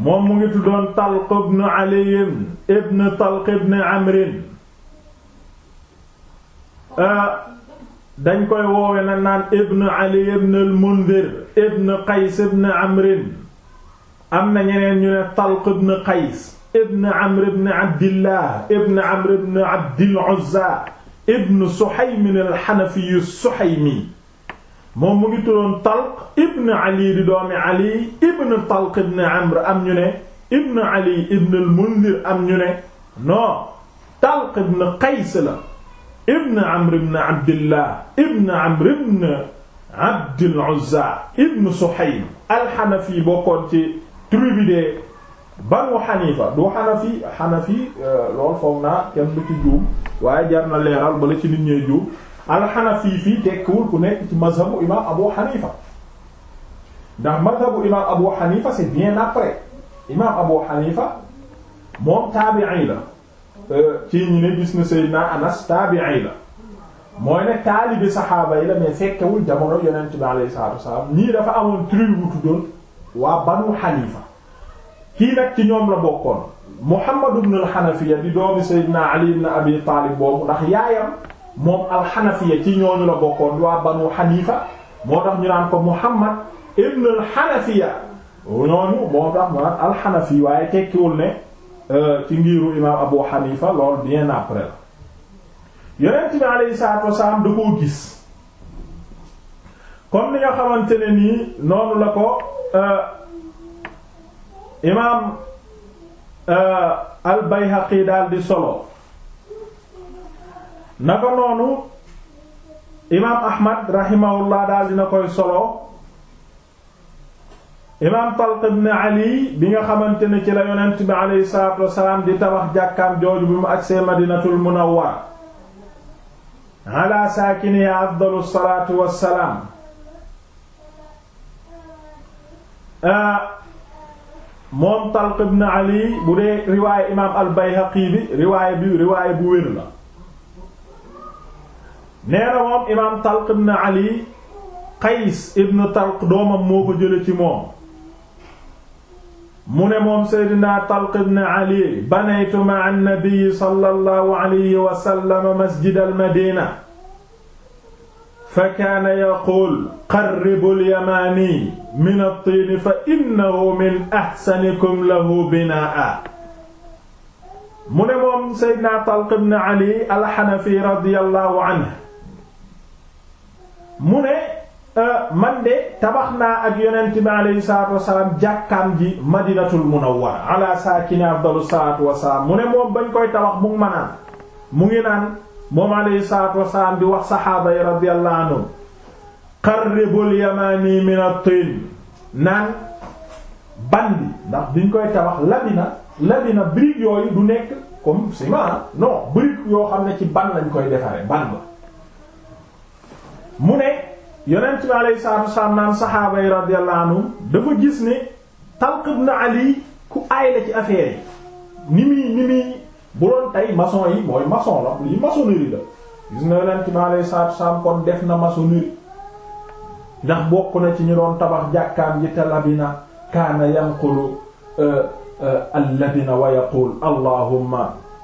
moom mu ngi tuddoon Talq ibn Ali ibn Talq ibn Amr ah, dañ koy woowe na naan ibn Ali ibn al ibn Qays ibn Amr am na ñeneen ñu ne Talq ibn Qays ibn Amr ibn Abdillah ibn Amr ibn Abdil Uzza ibn Suhaym al suhaymi moom mu ngi tuddoon Talq ibn Ali di doomi Ali ibn Talq ibn Amr am ñu ne ibn Ali ibn al-Mundhir am ñu ne non Talq ibn Qays ibn Amr ibn Abdillah ibn Amr ibn Abdil Uzza ibn Suhaym al-Hanafi bokkoon ci tribu Banu Hanifa du Hanafi Hanafi euh, loolu foog naa kenn du juum waaye jar na leeral bala ci nit ñee juum alxanafi fii tekkiwul ku nekk ci mazhabu imam Abu Hanifa ndax mazhabu imam Abu Hanifa c'est bien après imam Abu Hanifa moom taabi'i la euh, ci ñu ne gis na Seydina Anas taabi'i la mooy ne taalibi saxaaba yi la mais fekkewul jamono yonent bi alayhi salaatu wassalaam nii dafa amoon tribu bu tuddoon Banu Hanifa kii nag ci ñoom la bokkoon Muhammad ibn al-Hanafiya di doomi Seydina Ali ibn Abi Talib boobu ndax yaayam moom alxanafiya ci ñooñu la bokkoon waa banu xanifa moo tax ñu naan ko muhammad ibn alxanafiya ñooñu moo tax ñu naan alxanafi waaye tekkiwul ne euh, ci ngiiru imaam abu xanifa loolu bien après la yonent bi alayhi salaatu wasalaam da koo gis comme ni nga xamante ne nii noonu la ko euh, imaam euh, al bayhaqi daal di solo naka noonu imaam ahmad rahimahullah daal dina koy solo imaam Talq Ali bi nga xamante ni ci la yonent bi aleyhi salaatu wasalaam di tabax jàkkaam jooju bi mu agsee madinatul munawwar ala saakiniha afdalu salaatu wassalaam ah, moom Talq Ali bu dee riwaaya imaam al Bayhaqi bi bu wér la nee na moom imaam Talq ibn Ali Qays ibn Talq doomam moo ko jële ci moom mu ne moom Seydina Talq ibn Ali banaytu ma'a an-nabi sallallahu alayhi wa sallam masjid al-Madina fa kaana yaqul qarribu al-yamani min at-tin fa innahu min ahsanikum lahu binaa'a mu ne moom Seydina Talq ibn Ali al-Hanafi radiyallahu anhu mu ne euh, man de tabax naa ak yonent bi alayhi salaatu wasalaam jàkkaam ji madinatul munawwara ala saakini afdalu salaatu wasalaam mu ne moom bañ koy tabax mu ngi ma naan mu ngi naan moom alayhi salaatu wasalaam di wax saxaaba yi radiyallahu anhum qarribul yamani min naan ban bi ndax biñ koy tabax labina labina brique yooyu du nekk comme ciment non brique yoo xam ne ci ban lañ koy defaree ban la mu ne yonent bi alayhi salaatu naan saxaaba yi radiyallahu dafa gis ne Talq ibn Ali ku aay la ci affaire yi ni muy ni muy bu doon tey maçon yi mooy maçon la lii maçonnerie la gis nga yonent bi alayhi salaatu kon def na maçonnerie ndax bokk na ci ñu doon tabax jàkkaam ji te labina kaana yanqulu euh, euh, al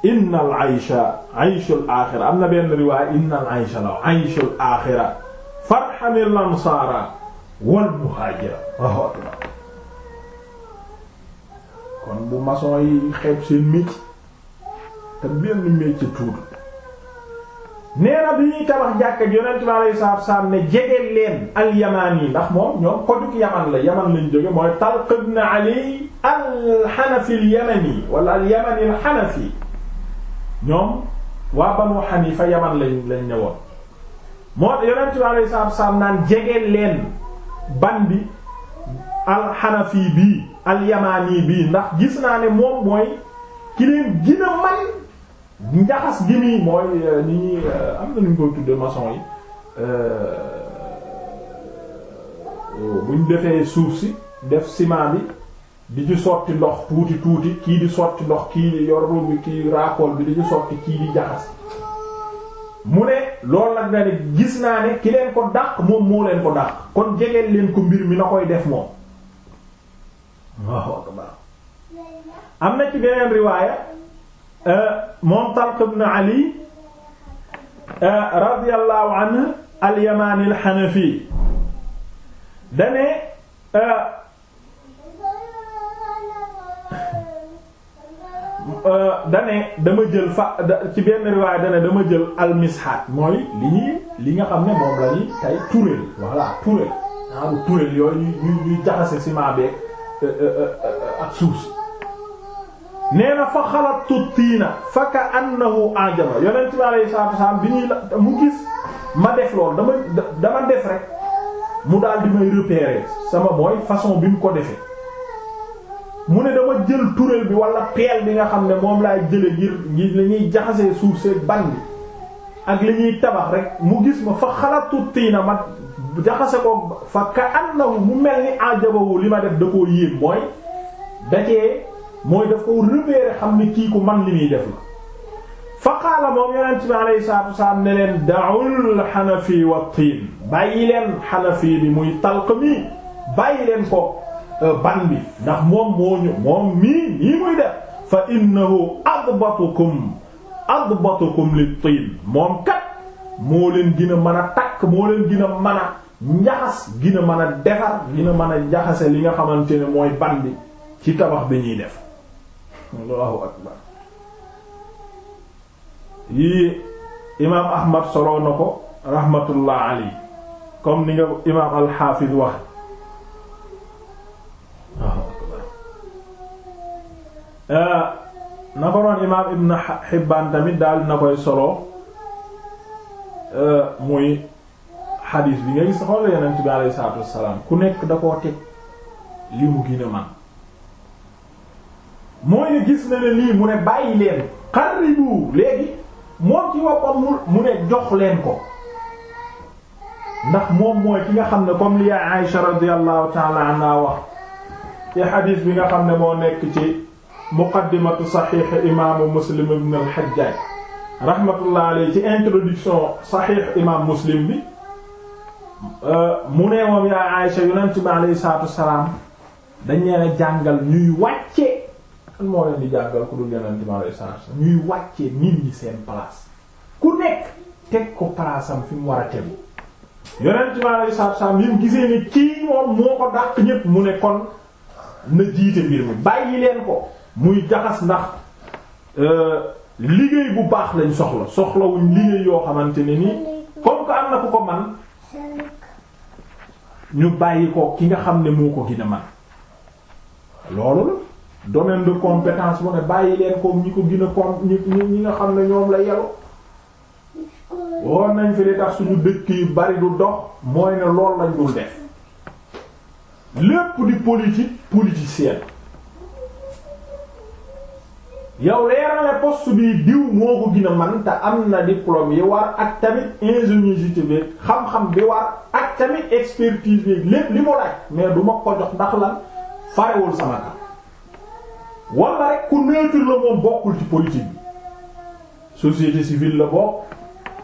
inna al aysha ayshul aaxira am na benn riwaaya inna al aysha la ayshul aaxira farhamil ansaara wal muhaajira waaw akbar kon bu maçon yi xeeb seen métier te benn métier tuuti nee na bi ñuy tabax jàkka yonent bi alayhi salaatu salaam ne jege leen al yamaan yi ndax moom ñoom ko jug yaman la yaman lañ jóge mooy Talq ibn Ali al xanafi al yamani wala al yamani al xanafi ñoom waa Banu Hanifa Yaman lañ lañ ne woon moo yonent bi alayhi salaatu salaam naan jege leen ban bi alxanafi bii alyamaani bii ndax gis naa ne moom mooy ki leen gën njaxas gi muy mooy euh, ni ñuy euh, am na nu ñu koy tudde maçon yi euh, buñ defee suuf si def ciment yi di ci sotti ndox tuuti tuuti kii di sotti ndox kii di yor kii raakool bi di ci sotti kii di jaxas mu ne loolu nag na ne gis naa ne ki leen ko dàq moom moo leen ko dàq kon jegeel leen ko mbir mi na koy def moom waaw am na ci beneen riwaaya euh, moom Talq ibn Ali euh, radiyallahu anhu al hanafi dane euh, Euh, dane dama jël fa ci benn riwaay dane dama jël almisxaat mooy li ñuy li nga xam ne moom la ñuy tay turéel voilà turéel aabu turéel yooyu ñuy ñuy jaxase ciment beeg euh, euh, ak suuf nee na fa xalattu tiina fa annahu ajaba yonent bi alayhi salaatu wasalaam bi ñuy mu gis ma def loolu dama dama def rek mu dal di may repérer sama mooy façon bi mu ko defee mu ne dama jël tureel bi wala peel bi nga xam ne moom laay jële ngir ngir la ñuy jaxasee suuf see ban ak li ñuy tabax rek mu gis ma fa xalatu tiina ma jaxase ko fa ka annahu mu mel ni ajabawu li ma def da koo yéem mooy dacee mooy daf ko repérer xam ni kii ku man li muy def la fa qaala moom yonent bi alayhi salaatu wasalaam ne leen xanafi wa tiin bàyyi leen xanafi bi muy talq mi bàyyi leen ko Euh, ban bi ndax moom moo ñu moom mii nii muy def fa innahu adbatukum adbatukum li tin moom kat moo leen gën a mën a takk moo leen gën a mën a njaxas gën a mën a defar gën a mën a njaxase li nga xamante ne mooy ban bi ci tabax bi ñuy def allahu akbar yii imaam ahmad solo ko rahmatullah alayhi comme ni nga imaam alxaafiz wax Euh, na ko noon imaam ibn Hibbaan tamit daal na koy solo euh, muy xadiis bi nga gis xool yonent bi alayhi salaatu wassalaam ku nekk da teg li mu gën man mooy gis na ne lii mu ne bàyyi leen xaribu léegi moom ci woppam mu ne jox leen ko ndax moom mooy ki nga xam ne comme li Aïsha radiyallahu ta'ala anha wax ci xadis bi nga xam ne moo nekk ci muqaddimatu saxiix imaamu muslim ibn al-Hajjaj rahmatullah alayhi ci introduction saxiix imaam muslim bi euh, mu ne moom yaa Aysa yonent bi alayhi salaatu wassalaam dañ leen jàngal ñuy wàcce kan moo leen di jàngal ku dul yonent bi alayhi salaatu wassalaam ñuy wàcce nit ñi seen place ku nekk teg ko palaasam fi mu war a tegu yonent bi alayhi salaatu wassalaam yi gisee ni kii moo ko dàq ñépp mu ne kon na jiite mbir mi bàyyi leen ko muy jaxas ndax euh, liggéey bu baax lañ soxla soxlawuñ liggéey yoo xamante ne nii comme que am na ku ko man ñu bàyyi ko ki nga xam ne moo ko gën a man loolu la domaine de compétence bu ne bàyyi leen ko ñi ko gën a com ñi ñi nga xam ne ñoom la yaru woon nañ fi li tax suñu dëkk yu bari du dox mooy ne loolu lañ dul def lépp di politique politicienne yow leeral ne poste diw moo ko gën a man te am na diplôme yi war ak tamit ingéniosité bi xam-xam bi war ak tamit expertise lépp li mu laaj mais du ma ko jox ndax lan farewul sama ka wala ku neutre la moom bokkul ci politique bi société civile la bokk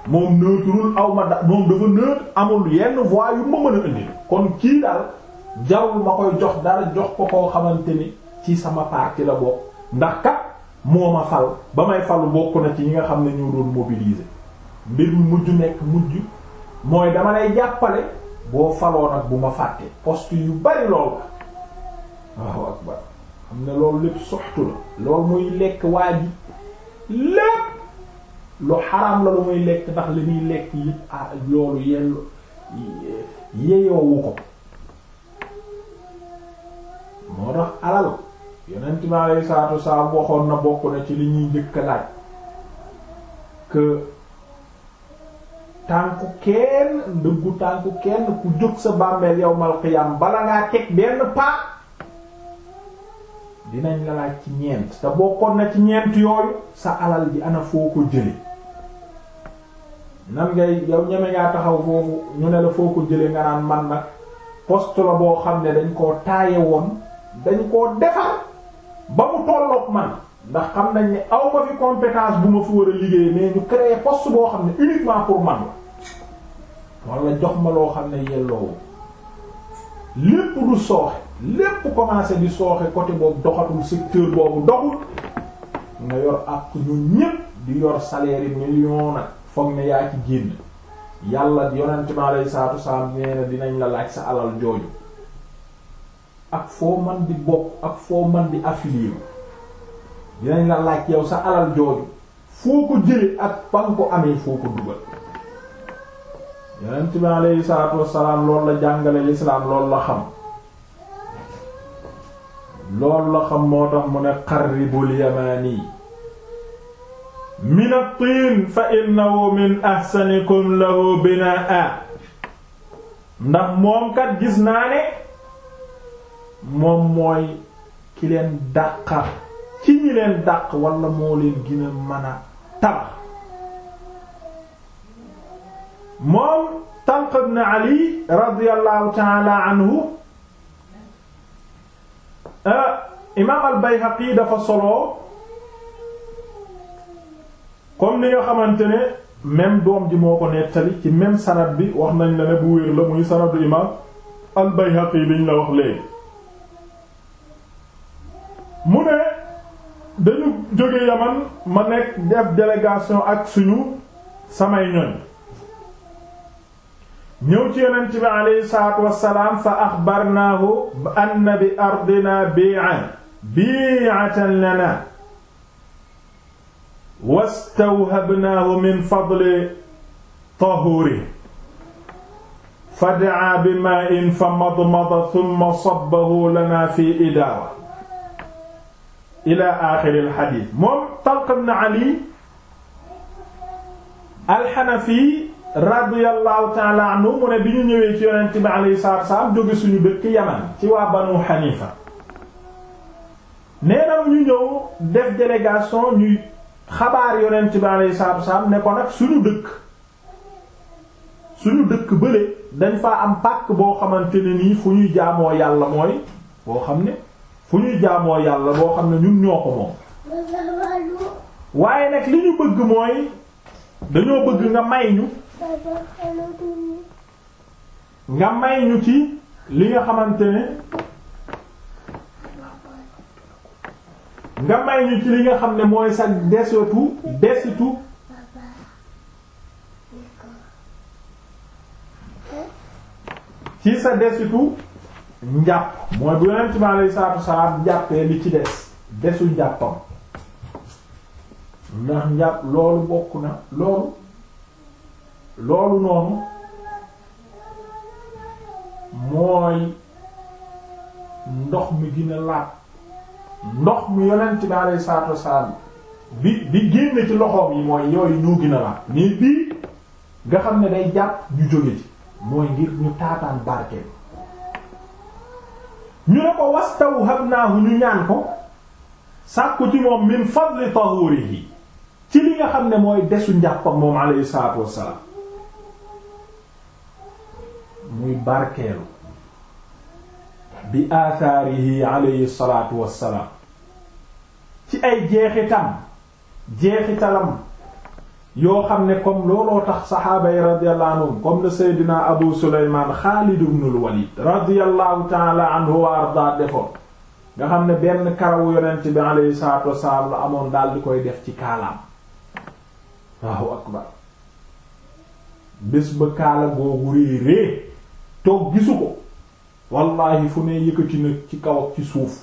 moom neutrewul aw ma da moom dafa neutre amul yenn voix yu ma mën a indi kon kii daal jarul ma koy jox dara jox ko koo xamante ni ci sama parti la bokk ndax kat moo ma fal ba may falu bokk na ci ñi nga xam ne ñu doon mbir mi mujj nekk mujj mooy dama lay jàppale boo faloo nag bu ma fàtte postu yu bari lool waaw akbar xam ne loolu lépp soxtu la loolu muy lekk waa ji lépp lu xaraam la lu muy lekk ndax li muy lekk yëpp ah loolu yeeyoowu ko moo tax alal yeneen ci saatu saa waxoon na bokk na ci li ñuy njëkk laaj que tànku kenn ndëggu tànku kenn ku jóg sa bàmmeel yawmal qiyaam bala ngaa teg benn paa dinañ la ci ñeent te bokkoon na ci ñeent yooyu sa alal ji ana foo ko jële nan ngay yow ñeme ngaa taxaw foofu ñu ne la foo ko jële nga naan man nag poste la boo xam ne dañ koo taaye woon dañu koo defar ba mu tolloog man ndax xam nañ ni aw ma fi compétence bu ma fi war a liggéey mais ñu créer poste boo xam ne uniquement pour man la wala jox ma loo xam ne yelloowu lépp du sooxe lépp commencé di sooxe côté boobu doxatul secteur boobu doxul nga yor ak ñu ñépp di yor salaire yi million nag foog ne yaa ci génn yàlla yonent bi alayhi salaatu wasalaam nee na dinañ la laaj sa alal jooju ak foo man di bokk ak foo man di affilié dinañ la laaj yow sa alal jooju foo ko jële ak pan ko amee foo ko dugal yonent bi aleyhi salaatu wassalaam loolu la jàngale lislaam loolu la xam loolu la xam moo tax mu ne qarribul yamaani min at-tiin fa innahu min ahsanikum lahu binaa ndax moom kat gis naa ne moom mooy ki leen dàqa ci ñi leen dàq walla moo leen gën a mën a tabax moom Talq ibn Ali radiyallahu ta'ala anhu ah, imaam al-Bayhaqi dafa solo kon ni nga xamante ne même doom ji moo ko nettali ci même sanad bi wax nañ la ne bu wér la muy sanadu imaam al-Bayhaqi biñ la wax léegi mu ne dañu jóge yaman ma nekk def délégation ak suñu samay ñoñ ñëw ci yonent bi aleyhi salaatu wassalaam fa axbarnaahu anna bi ardina bi'an bi'atan lana wastawhabnaahu min fadli tahuri fa da'a bi maa'in fa madmada thumma sabbahu lana fi idaawa ila axiril xadiis moom Talq ibn Ali alxanafi radiyallahu taala anhu mu ne bi ñu ñëwee ci yonent bi alayhi salaatu salaam jóge suñu dëkk Yaman ci waa Banu Xanifa nee na ñu ñëw def délégation ñuy xabaar yonent bi alayhi salaatu salaam ne ko nag suñu dëkk suñu dëkk bële dañ faa am pàkk boo xamante ni nii fu ñuy jaamoo yàlla mooy boo xam ne bu ñuy jaamoo yàlla boo xam ne ñun ñoo ko moom waaye nag li ñu bëgg mooy dañoo bëgg nga may ñu nga may ñu ci li nga xamante ne nga may ñu ci li nga xam ne mooy sa desetu desitu ci sa desitu njàpp mooy bu yonent bi alayhi salaatu wasalaam li ci des desu njàppam ndax njàpp loolu bokk na loolu loolu noonu mooy ndox mi gën a laat ndox mi yonent bi alayhi salaatu bi bi génn ci loxoom yi mooy yooyu ñoo gën laat mais bii nga xam ne day jàpp ñu jóge mooy ngir ñu taataan barke ñu ne ko wastawhabnaahu ñu ñaan ko sàkku ci moom min fadli tahurihi ci li nga xam ne mooy desu njàppam moom alayhi salaatu wassalaam muy barkeelu bi aasaarihi alayhi salaatu wassalaam ci ay jeexitam jeexitalam yoo xam ne comme looloo tax saxaaba yi radiyallahu anhum comme le Seydina xam ne benn karawu yonent bi alayhi salaatu la amoon daal di koy def ci kaalaam waaw akbar bés ba kaala googu réerée toog gisu ko wallaahi fu ne yëkkati ci kaw ci suuf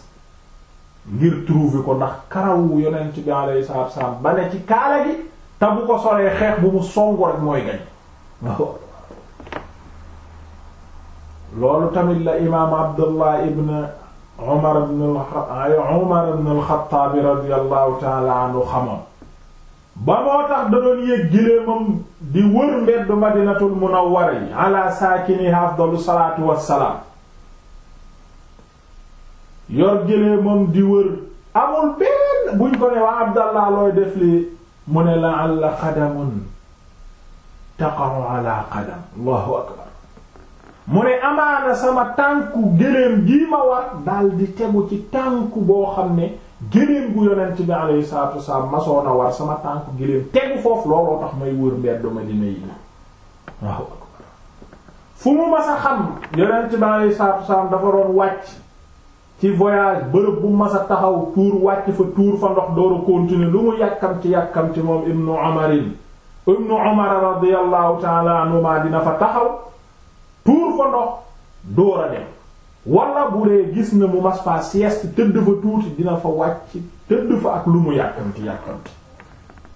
ngir trouver ko ndax karawu yonent bi alayhi salaatu wassalaam ba ci kaala gi te bu ko solee xeex bu mu songu rek mooy gañ waaw loolu tamit la imaam abdullah ibn umar ibn umar ibn alxataabi radiallahu taala xamoon ba moo tax da doon yéeg giléemam di wër mbedd madinatul munawwara yi ala saakiniha afdalu salaatu wassalaam yor giléemam di wër amul benn buñ ko ne waa abdallah looy def li mu ne la'alla qadamun taqa'u ala qadam allahu akbar mu ne amaana sama tànku gëléem gii ma war dal di tegu ci tànku boo xam ne gëléem gu yonent bi alayhi salaatu wasalaam masoon a war sama tànku gëléem tegu foofu looloo tax may wër mbedd Madina yi allahu akbar fu mu mas xam yonent bi alayhi salaatu wasalaam dafa doon wàcc ci voyage bërëb bu mas a taxaw tuur wàcc fa tuur fa ndox door a continuer lu mu yàkkamti yàkkamti moom ibnu omarin ibnu omar radiallahu taala anhuma dina fa taxaw tuur fa ndox door a dem wala bu dee gis na mu mas fa sieste tëdd fa tuuti dina fa wàcc tëdd fa ak lu mu yàkkamti yàkkamti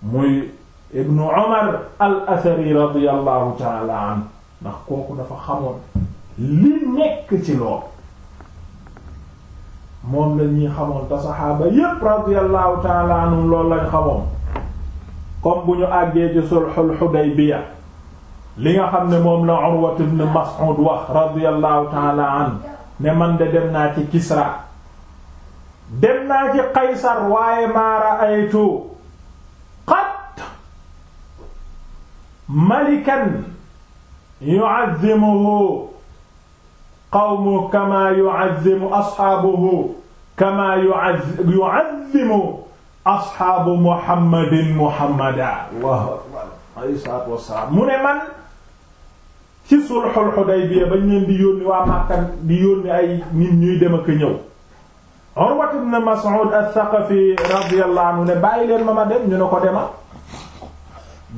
muy ibnu omar al athari radiallahu taala anhu ndax kooku dafa xamoon li nekk ci lool moom la ñuy xamoon te saxaaba yépp radiyallahu taala anhum loolu lañ xamoon comme bu ñu àggee ci sulhul Hudaybiya li nga xam ne moom la Urwat ibn Mas'ud wax radiyallahu taala anhu ne man de dem naa ci Kisra dem naa ci Qaysar waaye maa ra'aytu qat malikan yu'azzimuhu qawmu kama yu'azzimu asxaabuhu kama yu'azzimu asxaabu muhammadin muhammada allahu akbar alayhi salaatu wassalaam mu ne man ci sulxul Xudaybiya bañ leen di yónni waa Makka di yónni ay nit ñuy dem ak ñëw Urwa ibn Mas'ud as-Saqafi radiyallahu anhu ne bàyyi leen ma ma dem ñu ne ko dema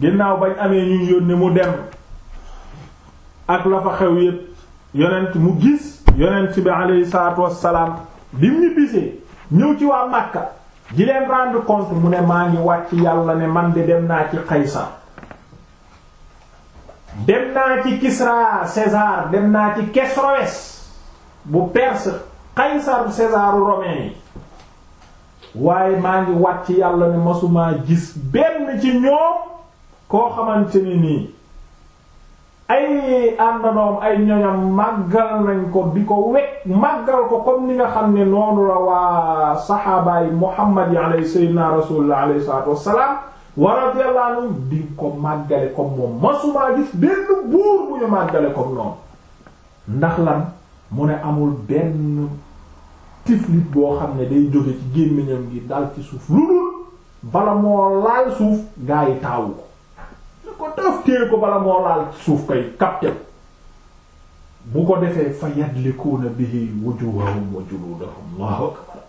ginnaaw bañ amee ñuy yónni mu dem ak la fa xew yépp yonent mu gis yonent bi alayhi salaatu wassalaam bi mu ñëw ci waa Makka di leen compte mu ne maa ngi wàcc yàlla ne man de dem naa ci Qaysar dem naa ci Kisra César dem naa ci Kesroes bu Perse Qaysar Césaru romain yi waaye maa ngi wàcc yàlla ne masumaa gis benn ci ñoom koo xamante ni nii ay àndandoom ay ñoñam màggal nañ ko bi ko wekk màggal ko comme ni nga xam ne noonu la waa saxaabaay Muhammad yi alayhi sayyidina rasulullah alayhi salaatu wassalaam wa radiyallahu anhu ko màggale comme moom masumaa gis benn buur bu ñu màggale comme noonu ndax lan mu ne amul benn tiflit boo xam ne day jóge ci gémmiñam gi dal ci suuf lu dul bala moo laal suuf gaa yi taawu ko ko taf téye ko bala moo laal suuf kay kapte bu ko defee fa yadlikuuna bihi wujuhahum wa juludahum Allahu akbar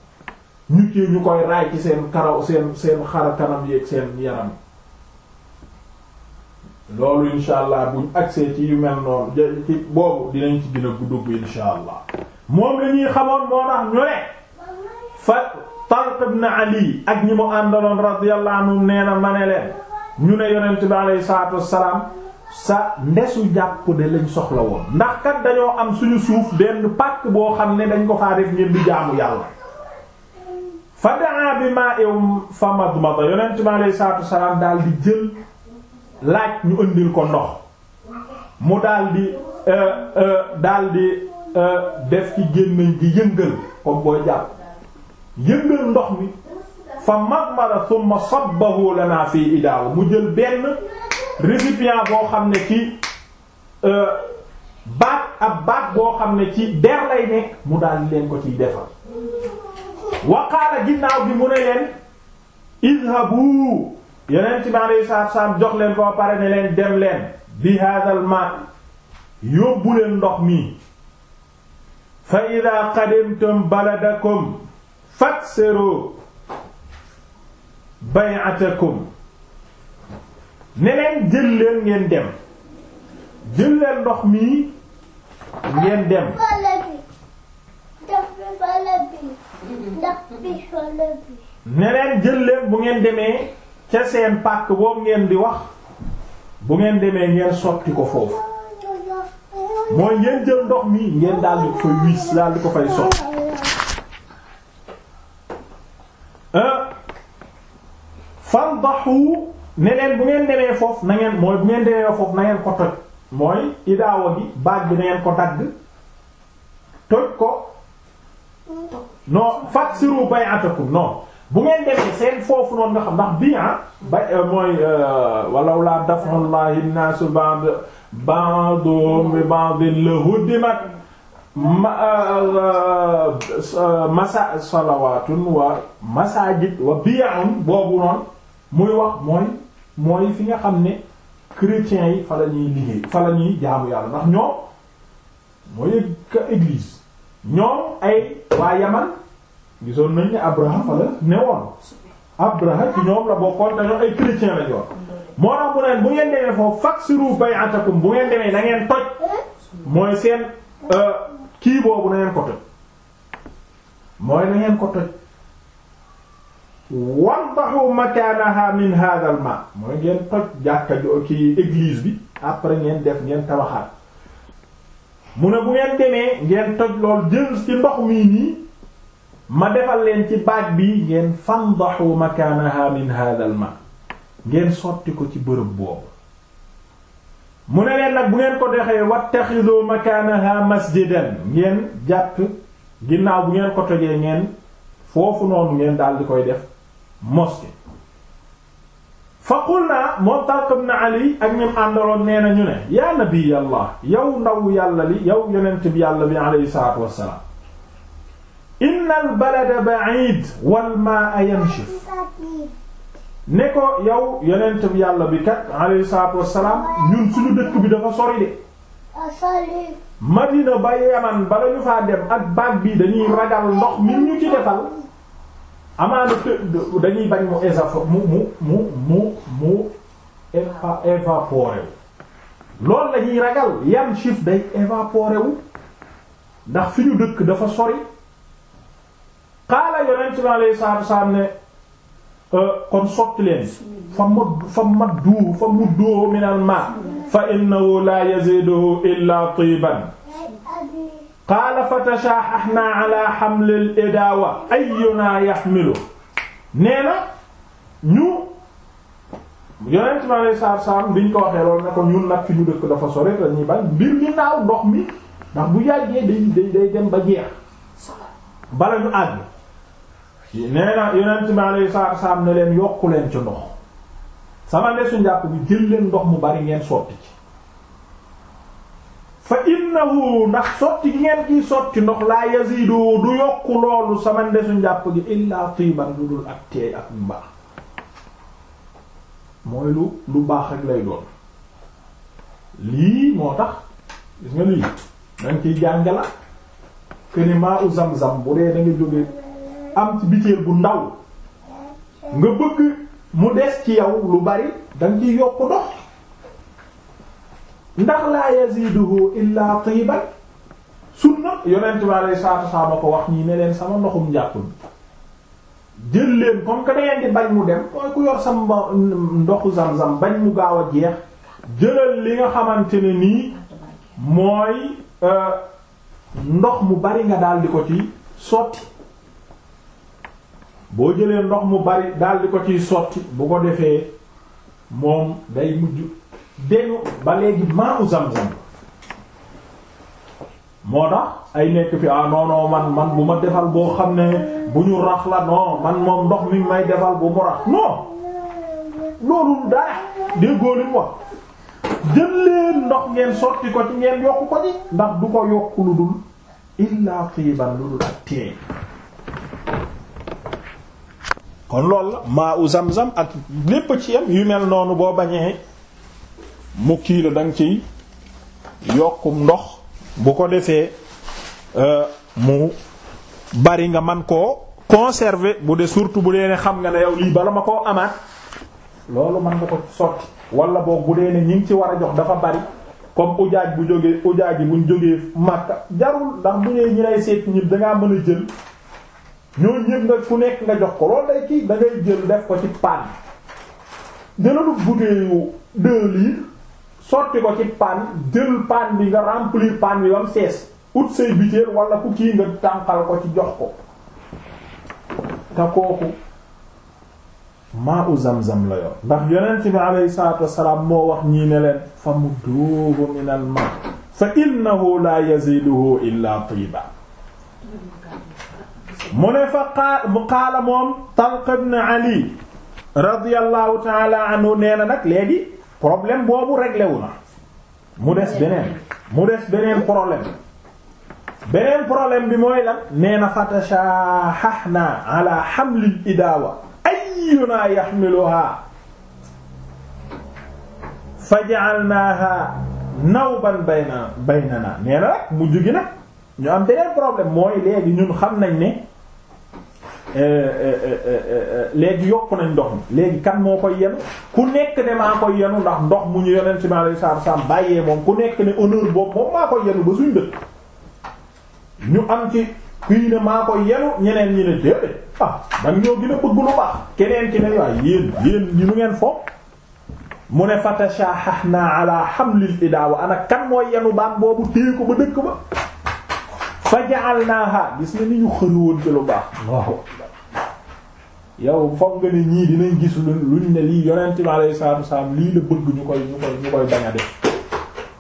a dugg insha allah moom la xamoon moo tax ñu ne fa Talq ibn Ali ak ñi mu àndaloon radiyallahu nee na ma ñu ne yonent bi alayhi salaatu wassalaam sa ndesu jàpp de lañ soxla woon ndax kat dañoo am suñu suuf benn pàkk boo xam ne dañ ko faa def ngeen di jaamu yàlla fa daa bi maa ew fa madmada yonent bi alayhi salaatu wassalaam di jël laaj ñu ëndil ko ndox mu daal di euh, euh, daal di euh, def ci gémmiñ gi yëngal comme booy jàpp yëngal ndox mi fa magmara thumma sabbahu lana fi idaaw mu jël benn récipient boo xam ne ci euh, baat ab baat boo xam ne ci der lay nekk mu daal leen ko ciy defal waqaala ginnaaw bi mu ne leen idhabu yeneen ci maanaam saab saab jox leen boo pare ne leen dem leen bi hadal ma yóbbu leen ndox mi fa ida qadimtum baladakum faksiru bay'atakum ne leen jël leen ngeen dem jël leen ndox mi ngeen dem ne leen jël leen bu ngeen demee ca seen pàkk boobu ngeen di wax bu ngeen demee ngeen sotti ko foofu mooy ngeen jël ndox mi ngeen daal di ko fay wis daal di ko fay sotti ah fandaxu ne leen bu ngeen demee foofu na ngeen mooy bu ngeen demee foofu na ngeen ko toj mooy idaawa gi baag bi na ngeen ko dagg toj ko no faksiru bay'atakum non bu ngeen demee seen foofu noonu nga xam ndax bii ah ba euh, mooy euh, walaw laa daf'ullahi an-nas ba'd ba'dhum bi ba'din la huddimat euh, masa salawatun wa masajid wa bi'un boobu noonu muy wax mooy mooy fi nga xam ne chrétiens yi fa la ñuy liggéey fa la ñuy jaamu yàlla ndax ñoom mooy église ñoom ay waa yaman gisoon nañ ne Abraham fa la newoon Abraham ci ñoom la bokkoon dañoo ay chrétiens la ñu wax moo tax mu neen bu ngeen demee foofu faksiru bay'atakum bu ngeen demee na ngeen toj mooy seen euh, kii boobu na ko toj mooy na ko toj wandaxu makaanaha min hadha ma mooy ngeen toj jàkka joo ci église bi après ngeen def ngeen tabaxaat mu ne bu ngeen demee ngeen toj lool jël ci ndox mii nii ma defal leen ci baag bi ngeen fandaxu makaanaha min hadha ma ngeen sotti ko ci bërëb boobu mu ne leen nag bu ngeen ko dexee wattaxidu makaanaha masjidan ngeen jàpp ginnaaw bu ngeen ko tojee ngeen foofu noonu ngeen daal di koy def mosquée fa qulna moom Talq ibn Ali ak ñim àndaloon nee na ne yaa nabiyallah yow ndaw yàlla li yow yonent bi yàlla bi alayhi salaatu wassalaam inna al balada ba'id wal ma'a yanshif ne ko yow yonent bi yàlla bi kat alayhi salaatu wassalaam ñun suñu dëkk bi dafa sori de madina ba yaman bala ñu faa dem ak baag bi dañuy ragal ndox mi ñu ci defal amaana dañuy bañ mu évapo mu mu mu mu mu évaporé wu loolu la ñuy ragal yan chiffre day évaporé ndax fi ñu dëkk dafa sori xaala yonent bi alayhi salaatu wasalaam ne euh, kon sotti leen fa ma fa ma fa mu dóo minal ma fa innahu la yaziduhu illa tiban qaala fatashaahahnaa ala hamlil idaawa ayyunaa yahmilu nee na ñu yonent mi alayhi salaatu salaam biñ ko waxee loolu ne ko ñun nag fi ñu dëkk dafa sori te ñuy bañ mbir mi naaw ndox mi ndax bu yàggee day day dem ba jeex bala ñu àgg nee na yonent mi alayhi salaatu salaam ne leen yokku leen ci ndox sama ne su bi jël leen ndox mu bari ngeen sotti ci fa innahu ndax sotti gi ngeen kii sotti ndox laa yazidu du yokk loolu sama ndesu njàpp gi illaa tiiban lu dul ak teey ak mbaax mooy lu lu baax rek lay doon lii moo tax gis nga lii dañ ciy jànge la këni u zam-zam bu dee da nga am ci biteel bu ndaw nga bëgg mu des ci yow lu bari danga ciy yokk ndox ndax laa yaziduhu illa tiiban sunna yonent bi alei salatu salaam a ko wax ñii ne leen sama ndoxum njàpp jël leen comme que da di bañ mu dem mooy ku yor sam ndoxu zam-zam bañ mu gaaw a jeex jëlal li nga xamante ne nii mooy euh, ndox mu bari nga daal di ko ci sotti boo jëlee ndox mu bari daal di ko ci sotti bu ko defee moom day mujj deñu ba léegi maa u zam moo tax ay nekk fi ah non man man bu ma defal boo xam ne bu ñu rax la non man moom ndox mi may defal bu mu rax non loolu dara déggoo li wax jël leen ndox ngeen sotti ko ci ngeen yokk ko ci ndax du ko yokk lu dul illaa tiiban lu dul ak teey kon loolu la maa u zam-zam ak lépp ci yam yu mel noonu boo bañee mu kii la da nga ciy yokkum ndox bu ko defee euh, mu bari nga man koo conserver bu dee surtout bu dee ne xam nga ne yow lii bala ma koo amaat loolu mën nga ko sotti wala boog bu dee ne ñi ngi ci war a jox dafa bari comme ujaaj bu jógee ujaaj yi buñ jógee Makka jarul ndax bu ñëwee ñi lay seet ñib dangaa mën a jël ñoo ñëpp nga ku nekk nga jox ko loolu day kii da ngay jël def ko ci paan jëlalub bouteille yu deux litres sotti ko ci paan jël paan bi nga remplir paan bi ba mu fees ut say biteel wala ku kii nga tànqal ko ci jox ko te kooku maa u la yor ndax yonent bi alayhi salaatu wassalaam moo wax ñii ne leen fa mudduuhu min al ma fa innahu la yaziduhu illa tiiba mu ne fa qaala moom Talq ibn Ali radiyallahu ta'ala anhu nee na nag léegi problème boobu réglé wu mu des beneen mu des beneen problème beneen problème bi mooy lan nee na fatashaaxna ala hamlil idaawa ayyuna yaxmiluha faja'alnaha nawban bayna baynana nee na rek mu jugi nag ñu am beneen problème mooy léegi ñun xam nañ ne Euh, euh, euh, léegi yokk nañ ndox mi léegi kan moo koy yenu ku nekk ne maa koy yenu ndax ndox mu ñu yeneen ci maaley saam saam bàyyee moom ku nekk ne honneur boobu moom maa koy yenu ba suñ dëkk ñu am ci kuy ne maa koy yenu ñeneen ñi ne déedéet ah danga ñoo gën a bëgg lu baax keneen ki ne waaye yéen yéen ñu ngeen foog mu ne fatashahahna ala hamlil ida wa ana kan mooy yenu baan boobu téye ko ba dëkk ba fa ja'alnaaha gis nga ni ñu xër woon ci lu baax waaw yow foog nga ne ñii dinañ gis luñ ne lii yonent bi alayhi salaatu wasalaam lii la bëgg ñu koy ñu koy bañ a def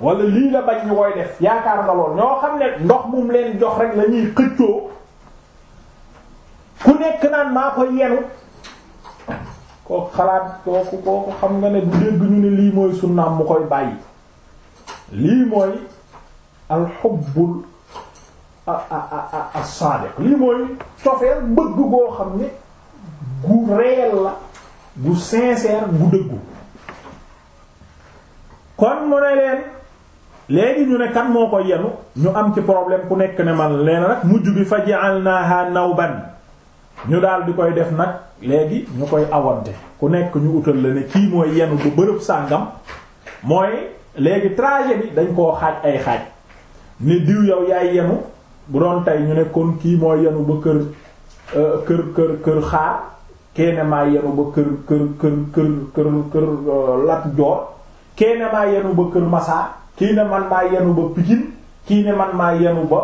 wala lii la bañ ñu koy def yaakaar nga lool ñoo xam ne ndox mu leen jox rek la ñuy xëccoo ku nekk naan maa koy yenu kooku xalaat kooku kooku xam nga ne bu dégg ñu ne lii mooy sunnaam mu koy bàyyi lii mooy alxubbul as-saadiq lii mooy cofeel bëgg goo xam ne gu réel la gu sincère gu dëggu kon mu ne leen léegi ñu ne kan moo ko yenu ñu am ci problème ku nekk ne man leen rek mujj bi fa ja'alnaha nawban ñu daal di koy def nag léegi ñu koy awante ku nekk ñu utal la ne kii mooy yenu bu bërëb sàngam mooy léegi trajet bi dañ koo xaaj ay xaaj ne diw yow yaay yenu bu doon tey ñu ne kon kii moo yenu ba kër euh, kër kër kër xaar keene maa yenu ba kër kër kër kër euh, Lat Joor keene maa yenu ba kër Massa kii ne man maa yenu ba Pikine kii ne man maa yenu ba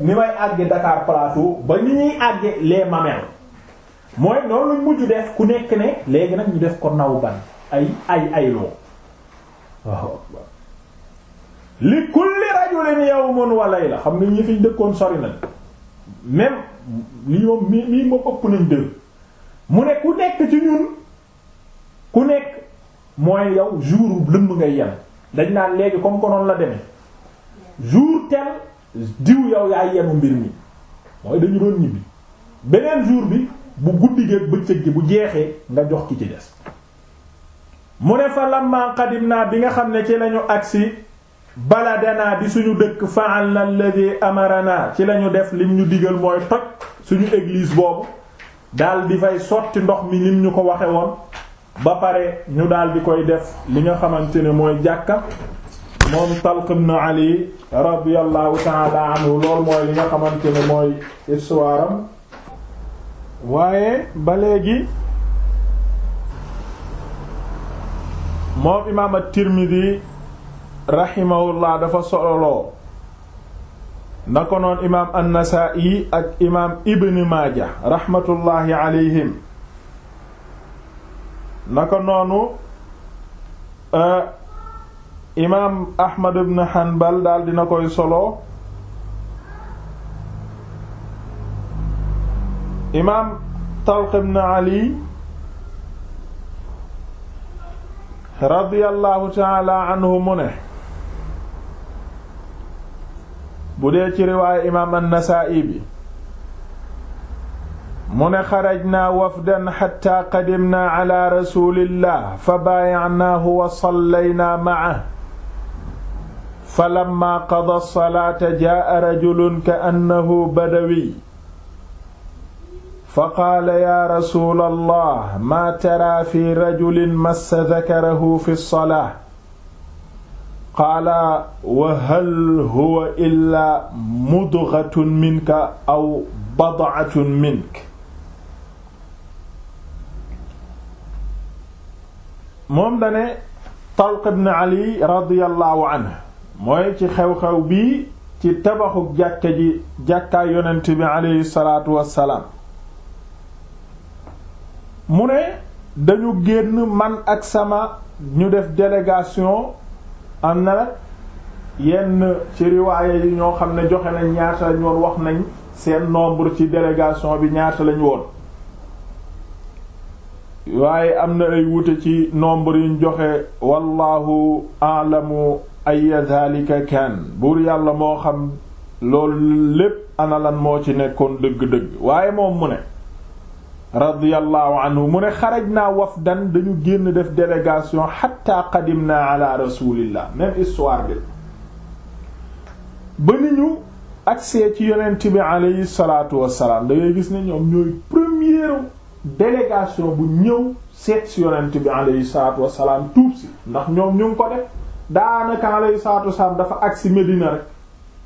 ni may àgge Dakar Plateau ba ni ñuy àgge les Mamelles mooy noonu mujj def ku nekk ne léegi nag ñu def ko naw ban ay ay ay li kulli rajulin yawmun wa layla xam nga ñi fiñ dëkkoon sori nañ même lii moom mii mii moom ëpp nañ dëgg mu ne ku nekk ci ñun ku nekk mooy yow jour lëmm ngay yem dañ naan léegi comme konoon la demee jour tel diw yow yaay yemu mbir mi mooy dañu doon ñibbi beneen jour bi bu guddi gi ak bëccëg gi bu jeexee nga jox ki ci des mu ne fa lamma qadim naa bi nga xam ne ci lañu agsi baladanaa di suñu dëkk fa'alna alladhi amarana ci lañu def lim ñu digal mooy toj suñu église boobu daal di fay sotti ndox mi lim ñu ko waxe woon ba pare ñu daal koy def li nga xamante ne mooy jàkka moom Talq ibn Ali radiyallahu ta'ala anhu mooy li nga xamante ne mooy histoire waaye ba léegi moom imaam at-Tirmidhi rahimahullah dafa sololoo na ko noon imaam annasaa'i ak imaam ibn maaja rahmatullahi alayhim na ko noonu eh, imaam ahmad ibn hanbal daal dina koy solo imaam talq ibn ali radiyallahu taala anhu mu ne bu dee ci riwaayu imaam an-Nasaa'i bi mu ne xarajnaa wafdan xatta qadimnaa ala rasulillah fa baaya'naahu wa sallaynaa ma'ahu fa lammaa qada salaata jaa'a rajulun ka'annahu badawi fa qaala yaa rasuulallah maa taraa fi rajulin massa dakarahu fi salaah qaala wa hal huwa illa mudghatun minka aw bad'atun minka moom dane Talq ibn Ali radiyallahu anhu mooy ci xew-xew bii ci tabaxu jàkka ji jàkkaay yonent bi aleyhi salaatu wassalaam mu ne dañu génn man ak sama ñu def délégation am na yenn ci riwaaya yi ñoo xam ne joxe nañ ñaata lañ woon wax nañ seen nombre ci délégation bi ñaata lañ woon waaye am na ay wute ci nombre yiñ joxe wallahu alamu aya dhalika kan buur yàlla moo xam lool lépp analan moo ci nekkoon dëgg-dëgg waaye moom mu ne radiyallahu anhu mu ne xarajnaa wafdan dañu génn def délégation xatta qadimnaa ala rasulillah même histoire bi ba ni ñu agsee ci yonent bi aleyhi salaatu wassalaam da ngay gis ne ñoom ñooy première bu ñëw seet si yonent bi aleyhi salaatu wassalaam tuub si ndax ñoom ñu ngi ko def daanaka aleyhi wassalaam dafa agsi Medina rek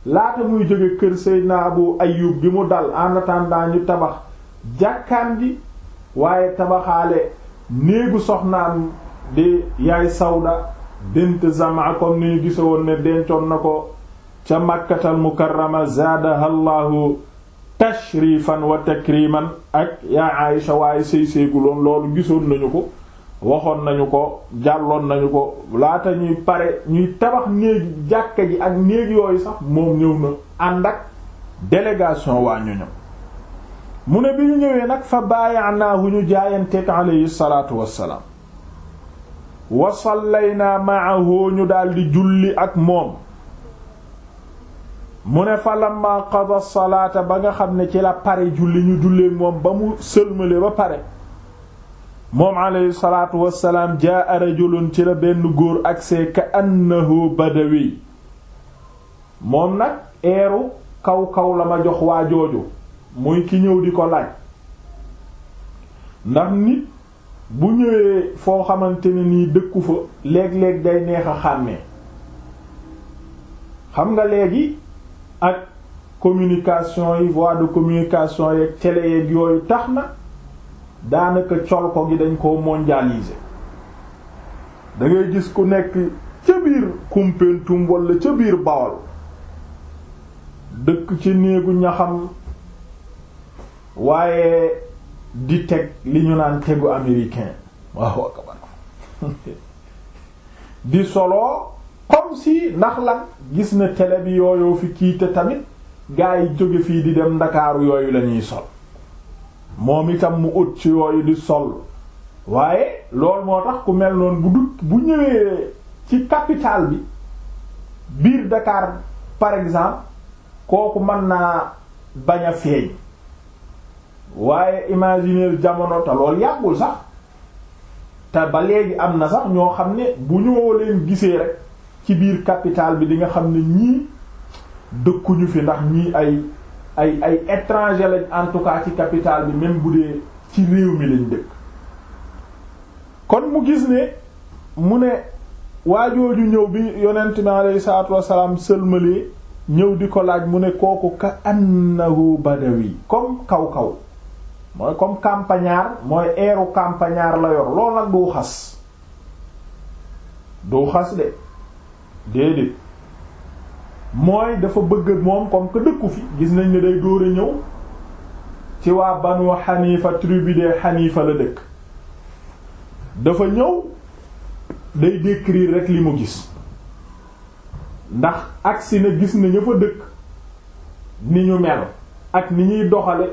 laata muy jóge kër Seydina Abu Ayyub bi mu dal en attendant ñu tabax jàkkaan ji waaye tabaxaale néegu soxnaan di yaay sawda bint zamaa comme ni ñu gisoon ne dencoon na ko ca makkatal mukarrama zaadaha llahu tashrifan wa takriman ak yaa aïsha waaye sëy loolu gisoon nañu ko waxoon nañu ko jàlloon nañu ko laata ñuy pare ñuy tabax néegi jàkka ji ak néeg yooyu sax moom ñëw na ànd ak délégation waa ñoñam mu ne bi ñu ñëwee nag fa baayaanaahu ñu jaayanteeg alayhi salaatu wassalaam wa sallaynaa ma'ahu ñu daldi julli ak moom mu ne fa lamma qada salaata ba nga xam ne ci la pare julli ñu jullee moom ba mu sëlmale ba pare moom alayhi salaatu wassalaam jaa rajulun ci la benn góor aksee ka annahu badawi moom nag eeru kaw kaw la ma jox waa jooju muy ki ñëw di ko laaj ndax nit bu ñëwee foo xamante ne nii dëkku fa léeg-léeg day neex a xàmmee xam nga léegi ak communication yi voie de communication yeeg télé yeeg yooyu tax na daanaka colko gi dañ ko mondialiser da ngay gis ku nekk ca biir Koumpentoum wala ca biir Bawol dëkk ci néegu ñaxam waaye di teg li ñu naan tegu americain waaw di solo comme si ndax la gis na télé bi yooyu fi kii te tamit gaa yi jóge fii di dem ndakaaru yooyu lañuy sol moom itam mu ut ci yooyu di sol waaye lool moo tax ku mel noon bu dut bu ñëwee ci capital bi biir Dakar par exemple kooku mën naa bañ a feeñ waaye imaginer jamono te loolu yàggul sax te ba léegi am na sax ñoo xam ne bu ñoo leen gisee rek ci biir capitale bi di nga xam ne ñii dëkkuñu fi ndax ñii ay ay ay étranger lañ en tout cas ci capitale bi même bu dee ci réew mi lañ dëkk kon mu gis ne mu ne waajooju ñëw bi yonent bi aleyhi salaatu wasalaam sëlmalee ñëw di ko laaj mu ne kooku ka annahu badawi comme kaw kaw mooy comme campagnard mooy eeru campagnard la yor loolu nag du xas du xas de déedéet mooy dafa bëgg moom comme que dëkku fi gis nañ ni day dóor a ñëw ci waa Banu Hanifa tribu de la dëkk dafa ñëw day décrire rek li mu gis ndax agsi na gis na ña fa dëkk ni ñu mel ak ni ñuy doxale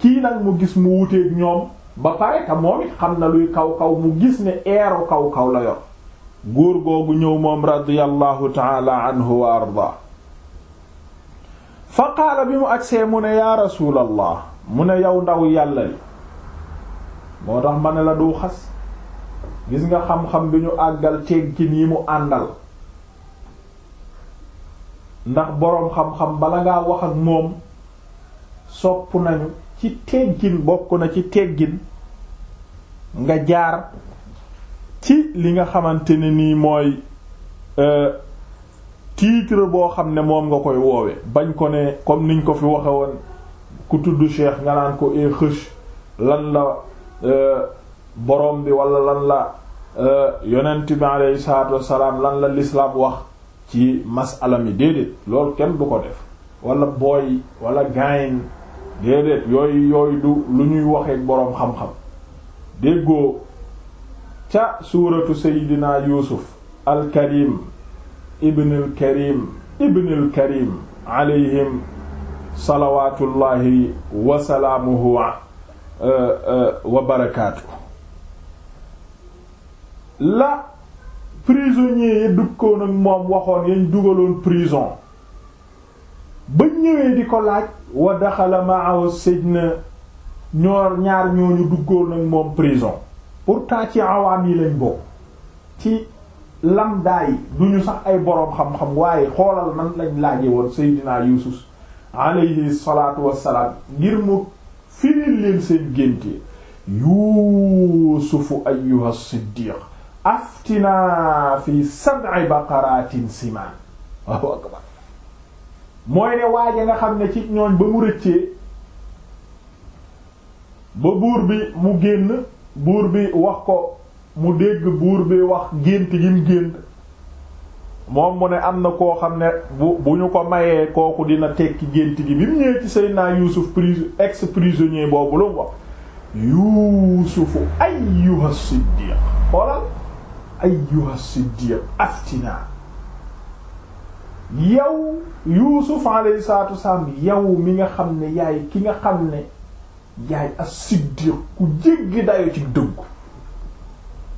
kii nag mu gis mu wuteeg ñoom ba te moom it xam na luy kaw kaw mu gis ne eeru kaw kaw la yor góor googu ñëw moom radiyallahu taala anhu wa arda fa qaala bi mu agsee mu ne yaa rasuulallah mu ne yow ndaw yàlla li moo tax ma ne la du xas gis nga xam-xam bi ñu àggal teggin yi mu àndal ndax boroom xam-xam bala ngaa wax ak moom sopp nañu ci teggin bokk na ci teggin nga jaar ci li nga xamante ne nii mooy euh, titre boo xam ne moom nga koy woowe bañ ko ne comme niñ ko fi waxe woon ku tudd cheikh nga naan ko e lan la euh, borom bi walla lan la euh, yonent bi aleyhi salaatu wassalaam lan la lislaam wax ci masala mi déedéet loolu kenn du ko def wala booy wala gain déedéet yooyu yooyu du lu ñuy waxeek boroom xam-xam déggoo ca suuratu seydina yuusuf alkarim ibnul karim ibnul karim alayhim salawatullahi wasalaamuhu wa uh, uh, barakaatu la prisonnier yi dukkoon ak moom waxoon yañ dugaloon prison ba ñëwee di ko laaj wa daxala ma'ahu sijna ñoor ñaar ñooñu duggoon ak moom prison pourtant ci awaam yi lañ bokk ci lamdaa yi duñu sax ay boroom xam-xam waaye xoolal nan lañ laaje woon seydinaa yusuf alayhi salaatu ngir mu firil leen seen génte yuusufu ayyuha siddiq aftinaa fi sab'i baqaratin simaan waaw akbar mooy ne waaja nga xam ne ci ñooñ ba mu rëccee ba buur bi mu génn buur bi wax ko mu dégg buur bi wax gént gi mu gént moom mu ne am na koo xam ne bu bu ñu ko mayee kooku dina tekki gént gi bi mu ñëwee ci Seydina Yuusuf pris ex prisonnier boobu la mu wax Yuusufu ayyuha siddiq xoolal ayyuha siddiq aftina yow yuusuf alayhi salaatu wasalaam yow mi nga xam ne yaay ki nga xam ne yaay as-siddiq ku jéggi dayo ci dëggu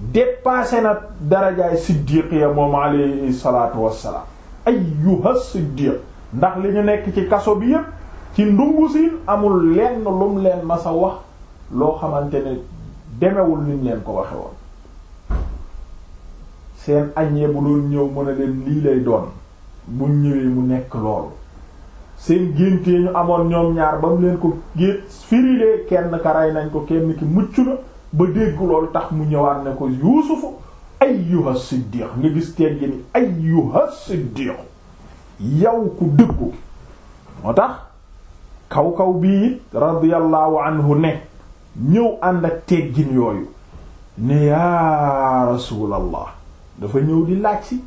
dépassé na darajaay siddiq ya moom alayhi salaatu wasalaam ayyuha siddiq ndax li ñu nekk ci kaso bi yépp ci ndungu siin amul lenn lum leen ma sa wax loo xamante ne demewul liñ leen ko waxe woon seen añee bu doon ñëw mën a leen lii lay doon bu ñëwee mu nekk loolu seen génte ñu amoon ñoom ñaar ba mu leen ko gét firilee kenn ka nañ ko kenn ki mucc na ba dégg loolu tax mu ñëwaan ne ko yuusufu ayyuha siddiq nga gis teen gi ayyuha siddiq yow ku dëggu moo tax kaw kaw bii it radiyallahu anhu ne ñëw ànd ak teggin yooyu ne yaa rasulallah dafa ñëw di laaj si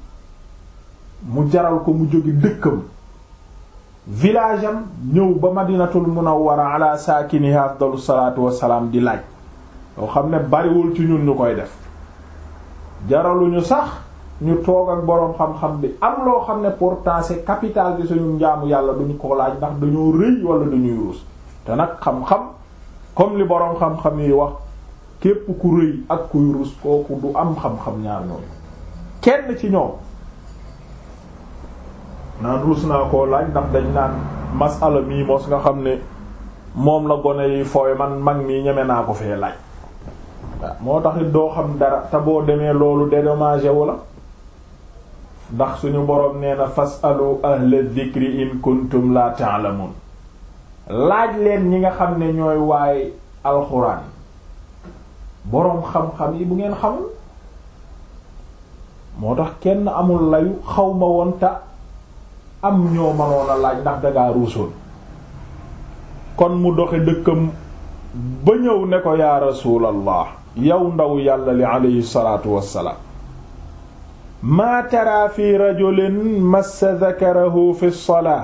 mu jaral ko mu jógi dëkkam village am ñëw ba dinatul madinatul munawwara ala saakiniha afdalu salaatu wassalaam di laaj loo xam ne bariwul ci ñun ñu koy def jaraluñu sax ñu toog ak boroom xam-xam bi am loo xam ne pourtant c'est capital bi suñu njaamu yàlla duñu ko laaj ndax dañoo rëy wala dañuy ruus te nag xam-xam comme li boroom xam-xam yi wax képp ku rëy ak kuy ruus kooku du am xam-xam ñaar ñooyu kenn ci ñoom naan ruus naa koo laaj ndax dañ naan masala mii nga xam ne moom la gone yi fooy man mag mii ñeme naa ko fee laaj moo tax it doo xam dara te boo demee loolu dédommagé wu la ndax suñu boroom nee na fasalu ahla dhikri in kuntum la ta'lamun laaj leen ñi nga xam ne ñooy waaye alxuraan boroom xam-xam yi bu ngeen xamul moo tax kenn amul layu xaw ma woon ta am ñoo mënoon laaj ndax dangaa ruusoon kon mu doxe dëkkam ba ñëw ne ko yaa rasuulallah yow ndaw yàlla li aleyhi salaatu wassalaam maa tara fi rajulin massa dakarahu fi salaa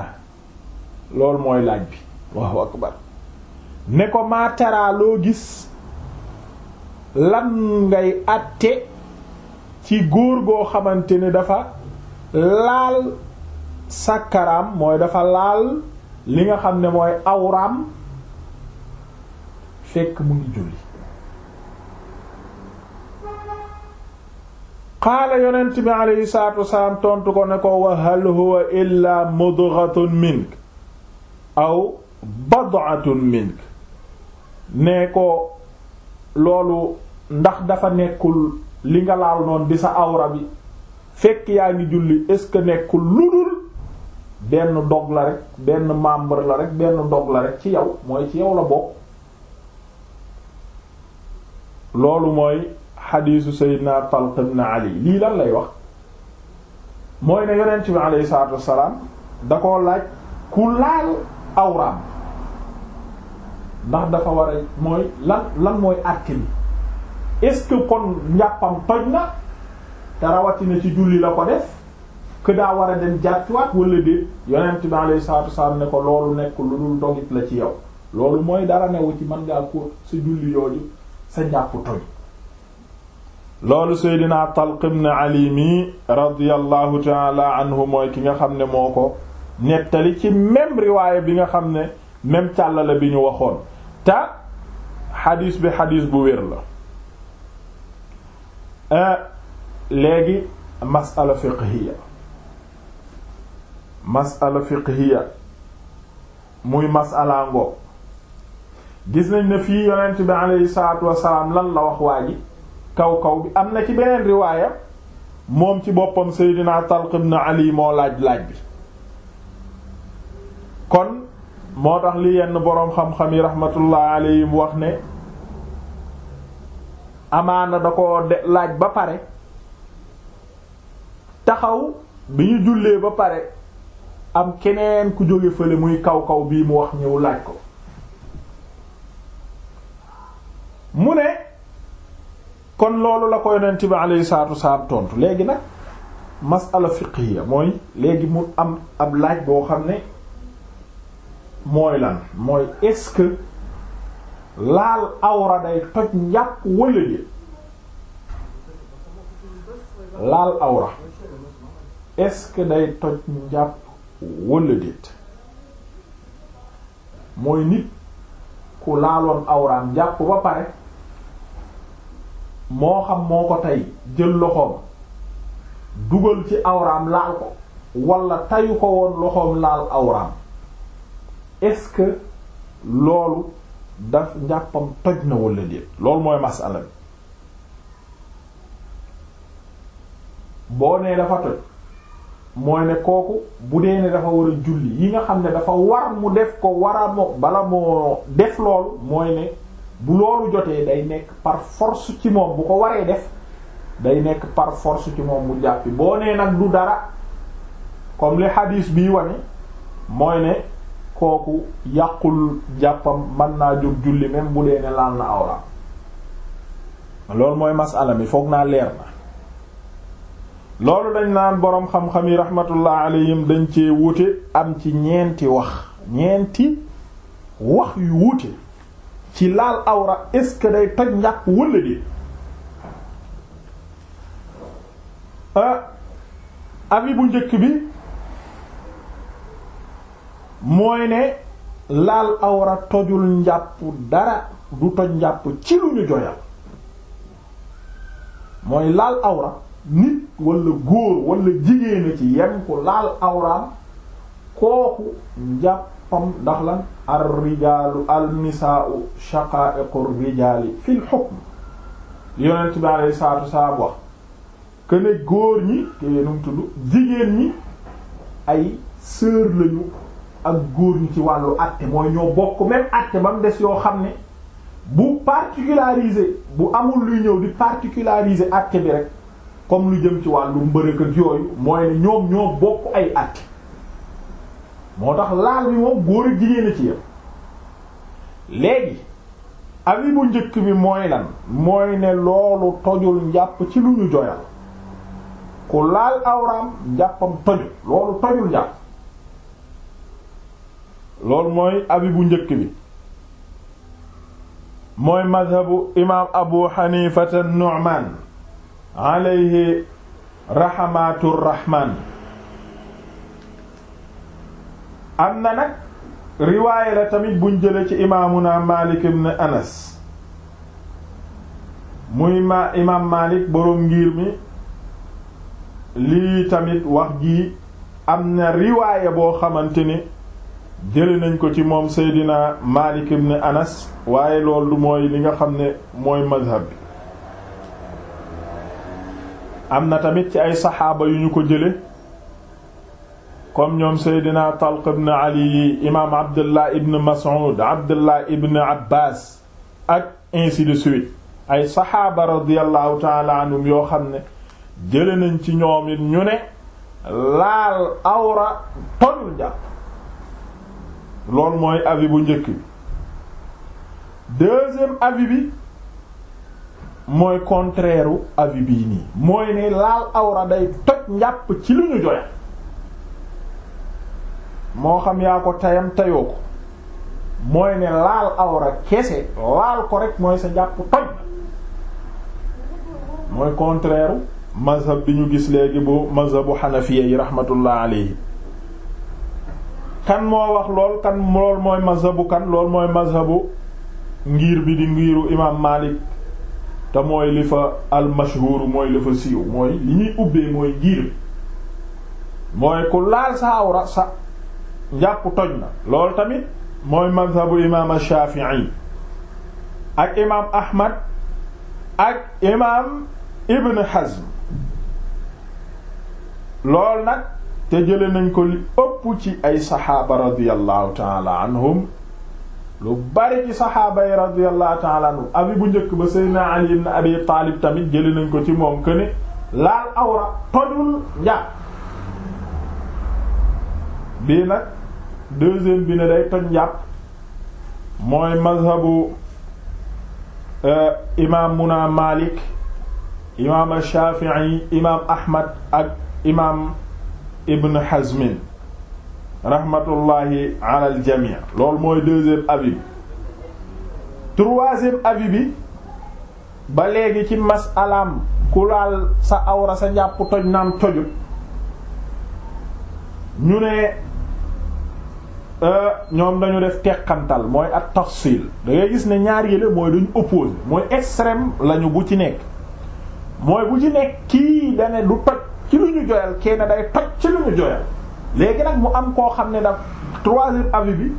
loolu mooy laaj bi waaw akbar ne ko maa loo gis lan ngay àtte ci góor goo xamante ni dafa laal sàkkaraam mooy dafa laal li nga xam ne mooy awraam fekk mu ngi julli qaala yonent bi alayhi salaatu tontu ko ne ko wa hal huwa illaa mudghatun mink aw bad'atun mink ne ko loolu ndax dafa nekkul li nga laal noonu di sa awra bi fekk yaa ngi julli est nekkul lu dul benn dog la rek benn membre la rek benn dog la rek ci yow mooy ci yow la bokk loolu mooy xadiisu Seydina Talq ibn Ali lii lan lay wax mooy ne yonent bi aleyhi salaatu wassalaam da koo laaj ku laal awraam ndax dafa war a mooy lan lan mooy àtte bi est-ce que kon njàppam toj na te rawatina ci julli la ko def que war a dem jàppiwaat wala déet yonent bi alayhi salaatu wasalaam ne ko loolu nekk lu dul dogit la ci yow loolu mooy dara newu ci mën ngaa ko sa julli yooju sa njàpp toj loolu seydina Talq ibn Ali mi radiyallahu taala mooy ki nga xam ne moo ko nettali ci même riwaaya bi nga xam ne même càllale bi ñu waxoon te xadiis bi xadiis bu wér la eh, léegi masala fiqhiya masala fiqhiya muy masala ngo gis nañ ne fii yonent bi aleyhi salaatu wasalaam lan la wax waa ji kaw kaw bi am na ci beneen riwaaya moom ci boppam Seydina Talq ibn Ali moo laaj laaj bi kon moo tax li yenn boroom xam-xam yi rahmatullah aleyhim wax ne amaana da ko de laaj ba pare taxaw bi ñu jullee ba pare am keneen ku jóge fële muy kaw kaw bii mu wax ñëw laaj ko mu ne kon loolu la ko yonent bi alayhi salaatu salaam tontu léegi nag masala fiqhiya mooy léegi mu am ab laaj boo xam ne mooy lan mooy est-ce que laal awra day toj njàpp walla laal awra est-ce day toj njàpp walla mooy nit ku laaloon awraam jàpp ba pare moo xam moo ko tey jël loxoom dugal ci awraam laal ko walla tayu ko woon loxoom laal awraam est-ce que loolu daf njàppam toj na walla déet mooy masala bi boo nee dafa toj mooy ne kooku bu dee ne dafa war a julli yi nga xam ne dafa war mu def ko war a mo bala moo def loolu mooy ne bu loolu jotee day nekk par ci moom bu ko waree def day nekk par force ci moom mu jàppi boo nee nag du dara comme li hadis bii wane mooy ne kooku yàqul jàppam mën naa jóg julli même bu dee ne laal na awra loolu mooy masala mi foog naa leer na loolu dañ naan boroom xam-xam yi rahmatullah alayhim dañ cee wuute am ci ñeenti wax ñeenti wax yu wuute ci laal awra est-ce que day toj njàpp walla déet avis bu njëkk bi mooy ne laal awra tojul njàpp dara du toj njàpp ci lu ñu joyal mooy laal awra nit wala góor walla jigéen ci yem ku laal awraam kooku njàppam ndax la ar rijaalu al nisaa'u shaqaa'iqu rijaali fil hukm yonent bi alayhi salaatu wasalaam wax ne góor ñi te num tudd jigéen ñi ay sœur lañu ak góor ñi ci wàllu àtte mooy ñoo bokk même àtte ba mu des yoo xam ne bu particularisé bu amul luy ñëw di particulariser àtte bi rek comme lu jëm ci wàllu mbërëk ak yooyu mooy ne ñoom ñoo bokk ay at moo tax laal bi moom góor ak jigéen ci yam léegi avis njëkk bi mooy lan mooy ne loolu tojul njàpp ci lu ñu joyal ku laal awraam njàppam toju loolu tojul njàpp loolu mooy avis njëkk bi mooy madhabu imaam abu xanifata nu'man alayhi raxamatur rahman am na nag riwaayé la tamit buñ jële ci imaamuna Maalik ibn Anas muy imaam Maalik boroom ngir mi lii tamit wax jii am na riwaayé boo xamante ni jële nañ ko ci moom Seydina Maalik ibn Anas waaye loolu mooy li nga xam ne mooy mazhab bi am na tamit ci ay saxaaba yu ñu ko jële comme ñoom seydina Talq ibn Ali yi imaam Abdullah ibn Mas'ud Abdullah ibn Abbas ak ainsi de suite ay saxaaba radiyallahu taala anhum yoo xam ne jële nañ ci ñoom it ñu ne laal awra tojul jàpp loolu mooy avis bu njëkk bi deuxième bi mooy contraire u avis nii mooy ne laal awra day toj njàpp ci lu ñu joya moo xam yaa ko tayam tayoo ko mooy ne laal awra kese laal ko rek mooy sa njàpp toj mooy contraire mazhab bi ñu gis léegi bu mazhabu xanafiya yi rahmatullah alayhi kan moo wax lool kan lool mooy mazhabu kan lool mooy mazhabu ngir bi di ngiru imam Malik te mooy li fa almashhur mooy li fa siiw mooy li ñuy ubbee mooy giir mooy ku laal sa awra sa njàpp toj na loolu tamit mooy madhabu imaam Shaafi'i ak imaam Ahmad ak imaam Ibn Hazm loolu nag te jële nañ ko li ëpp ci ay saxaaba radiyallahu taala anhum lu bari ci saxaaba yi radiyallahu abi bu njëkk ba Seydina Ali ibn Abi Taalib tamit jëli nañ ko ci moom que ne laal awra tojul njàpp bii nag deuxième bi ne day mooy mazhabu euh, imaam muna Malik imaam Shafi'i imaam Ahmad ak imaam Ibn Hazmin rahmatullahi ala al jamii loolu mooy deuxième avis bi troisième avi bi ba léegi ci masalaam ku laal sa awra sa njàpp toj naam tojut ñu ne euh, ñoom dañu def teqantal mooy at tafsil dangay gis ne ñaar yële mooy duñ opposé mooy extrême lañu bu ci nekk mooy bu ci nekk kii dane du toj ci lu ñu joyal kenn day toj ci lu ñu joyal léegi nag mu am koo xam ne daf troisième avis bi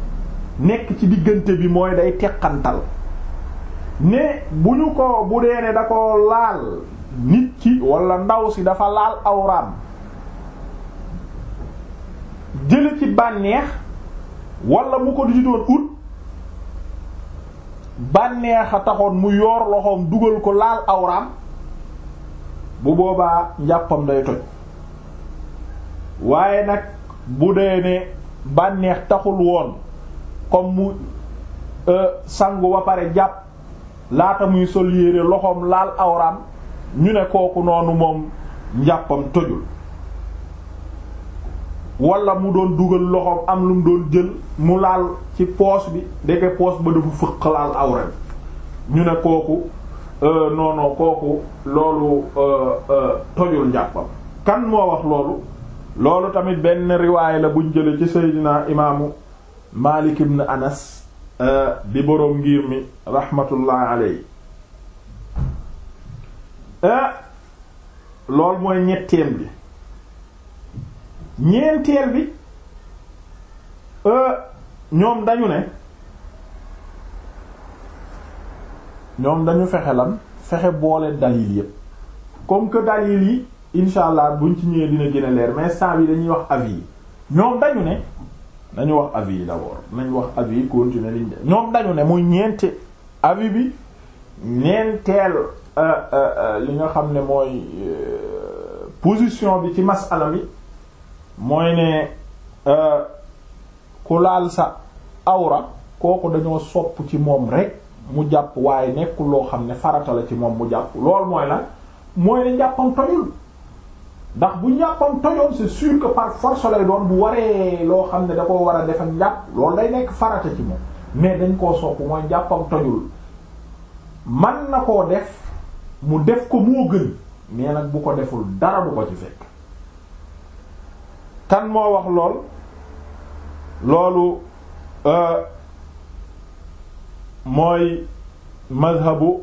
nekk ci diggante bi mooy day teqantal ne bu ñu ko bu dee ne da ko laal nit ki walla ndaw si dafa laal awraam jële ci bànneex wala mu ko di doon ut bànneex a taxoon mu yoor loxoom dugal ko laal awraam bu boobaa njàppam day toj waaye nag bu dee ne bànneex taxul woon kom mu euh, sangu ba pare jàpp laata muy sol yére loxoom laal awraam ñu ne kooku noonu moom njàppam tojul wala mu doon dugal loxoom am lu doon jël mu laal ci poos bi ndeke poos ba dafa fëq laal awra ñu ne kooku euh, non kooku loolu euh, tojul njàppam kan moo wax loolu loolu tamit benn riwaay la buñ jële ci seydina imaamu Malik ibn Anas euh, di boroom ngir mi rahmatullahi alayhi euh, loolu mooy ñetteel bi ñeenteel bi euh, ñoom dañu ne ñoom dañu fexe lan fexe boole dalil yépp comme que dalil yi incha allah buñ ci ñëwee dina gën a leer mais saa yi dañuy wax avis yi ñoom dañu ne nañu wax avis yi d'abord nañ wax avis yi continuer liñ de ñoom dañu ne muy ñeente avis bi ñeenteel euh, euh, euh, li nga xam ne mooy position bi ci masala bi mooy ne ku laal sa awra kooku dañoo sopp ci moom rek mu jàpp waaye nekkul loo xam ne farata ci moom mu jàpp loolu mooy la mooy ne njàppam tojul ndax bu ñàppam tojoon c'est sûr que par force lay doon bu waree loo xam ne da ko war a def ak njàpp loolu day nekk farata ci moom mais dañ koo sopp mooy njàppam tojul man na koo def mu def ko moo gën mais nag bu ko deful dara bu ko ci fekk kan moo wax lool loolu euh, mooy mazhabu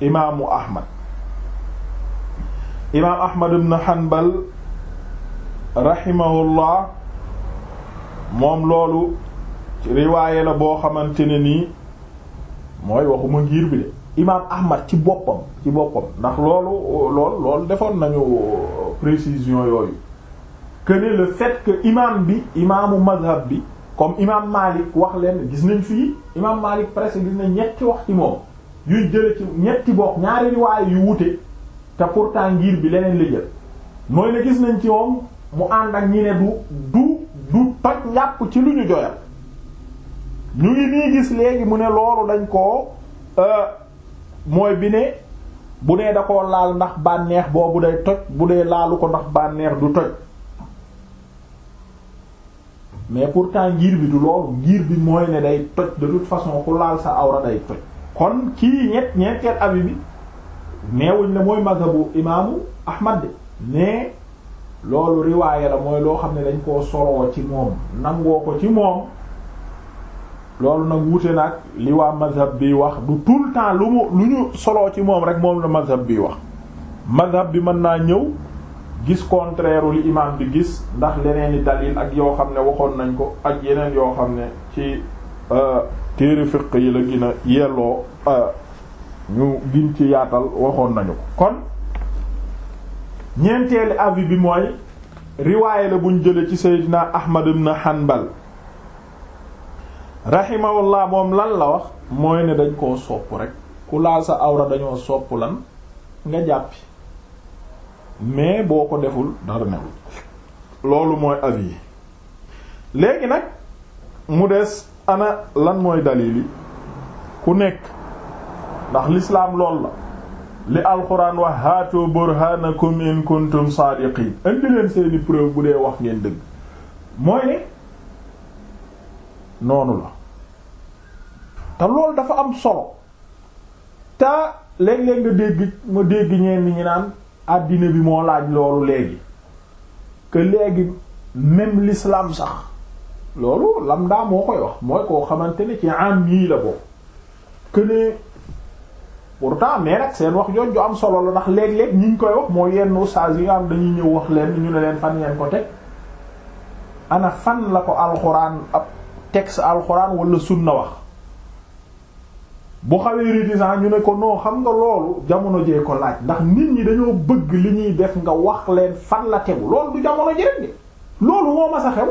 imaamu Ahmad imaam ahmad ibn hanbal rahimahullah moom loolu riwaaye la boo xamante ne nii mooy waxuma ngir bi de imaam ahmad ci boppam ci boppam ndax loolu loolu loolu defoon nañu précision yooyu que ne le fait imaam bi imaamu mazhab bi comme imaam Malik wax leen gis nañ fii imaam Malik presque gis nañ ñetti wax ci moom yuy jële ci ñetti bokk ñaari riwaaye yu wute te pourtant ngir bi leneen la jël mooy ne gis nañ ci moom mu ànd ak ñi ne du du du toj njàpp ci lu ñu joyal ñu ngi nii gis léegi mu ne loolu dañ koo euh, mooy bi ne bu nee da koo laal ndax bànneex boobu day toj bu dee laalu ko ndax bànneex du toj mais pourtant ngir bi du loolu ngir bi mooy ne day toj de toute façon ku laal sa awra day toj kon kii ñett ñetteel abi bi neewuñ la mooy mazhabu imaamu Ahmad de mais loolu riwaaya la mooy loo xam ne dañ koo soloo ci moom nangoo ko ci moom loolu nag wuute nag li waa mazhab bi wax du tout le lu mu lu ñu soloo ci moom rek moom la mazhab bi wax mazhab bi mën naa ñëw gis contraire li imaam bi gis ndax leneen i dalil ak yoo xam ne waxoon nañ ko ak yeneen yoo xam ne ci euh, téere fiqh yi la gën a yelloo euh, ñu gin ci yaatal waxoon nañu ko kon ñeenteeli avis bi mooy riwaaye la buñ jële ci Seydina Ahmad ibn Hanbal rahimahullah moom lan la wax mooy ne dañ koo sopp rek ku laal sa awra dañoo sopp lan nga jàppi mais boo ko deful dara newul loolu mooy avis léegi nag mu des ana lan mooy dalil yi ku nekk ndax lislaam lool la li alxuraan wax haatu burhanakum in kuntum saadiqin indi seeni preuve bu dee wax ngeen dëgg mooy ne noonu la te loolu dafa am solo te léeg-léeg nga dégg ma dégg ñeen ñi naan àddina bi moo laaj loolu léegi que léegi même lislaam sax loolu lam daa moo koy wax mooy koo xamante ne ci am yii la boobu que ne pour temps mais nag seen wax ju am solo la ndax léeg-léeg ñi ñu koy wax moo yenn ustaas yi nga am dañuy ñëw wax leen ñu ne leen fan ngeen ko teg ana fan la ko alxuraan ab texte alxuraan wala na wax bu xawee réticent ñu ne ko noo xam nga loolu jamono jee ko laaj ndax nit ñi dañoo bëgg li ñuy def nga wax leen fan la tegu loolu du jamono ji rek de loolu moo mas a xew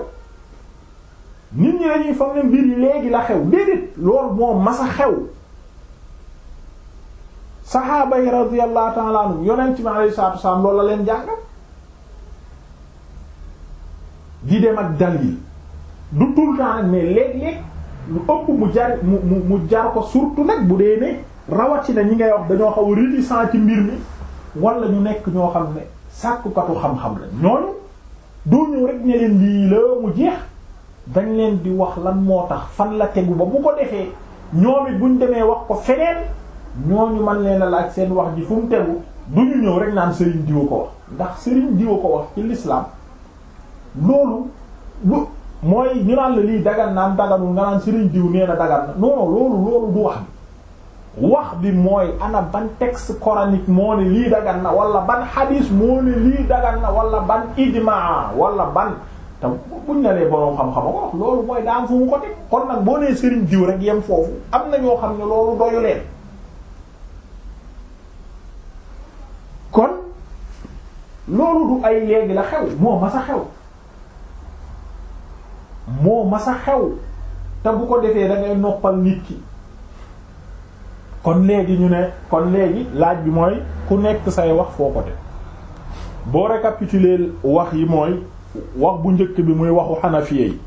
nit ñi dañuy foog ne mbir yi léegi la xew déedéet loolu moo mas a xew. saxaaba yi radiyallahu ta'ala anhum yonent bi alayhi salaatu wasallam loolu la leen jàngal di dem ak dal yi du tout le temps nag lu ëpp mu jar mu mu mu jar ko surtout nag bu dee ne rawatina ñi ngay wax dañoo xaw réticent ci mbir mi wala ñu nekk ñoo xam ne sàkkukatu xam-xam la ñooñu doo ñëw rek ne leen lii la mu jeex dañ leen di wax lan moo tax fan la tegu ba bu ko defee ñoom it buñ demee wax ko feneen. ñu man leen a laaj seen wax ji fu mu du ñu ñëw rek naan sëriñ diwa ko wax ndax sëriñ diwa ko wax ci l'islam loolu lu mooy ñu naan la lii dagan naan daganul nga naan sëriñ diw nee na na non loolu loolu du wax bi wax bi mooy ana ban texte coranique moo ne lii dagan na wala ban hadis moo ne lii dagan na wala ban ijmaa wala ban te buñ na lee boroom xam-xam ko loolu mooy daan fu ko teg kon nag boo nee sëriñ diw rek yem foofu am na ñoo xam ne loolu loolu du ay léegi la xew moo ma a xew moo mas a xew te bu ko defee da noppal nit ki kon léegi ñu ne kon léegi laaj bi mooy ku nekk say wax foo ko te boo récapituler wax yi mooy wax bu njëkk bi muy waxu xanafiye yi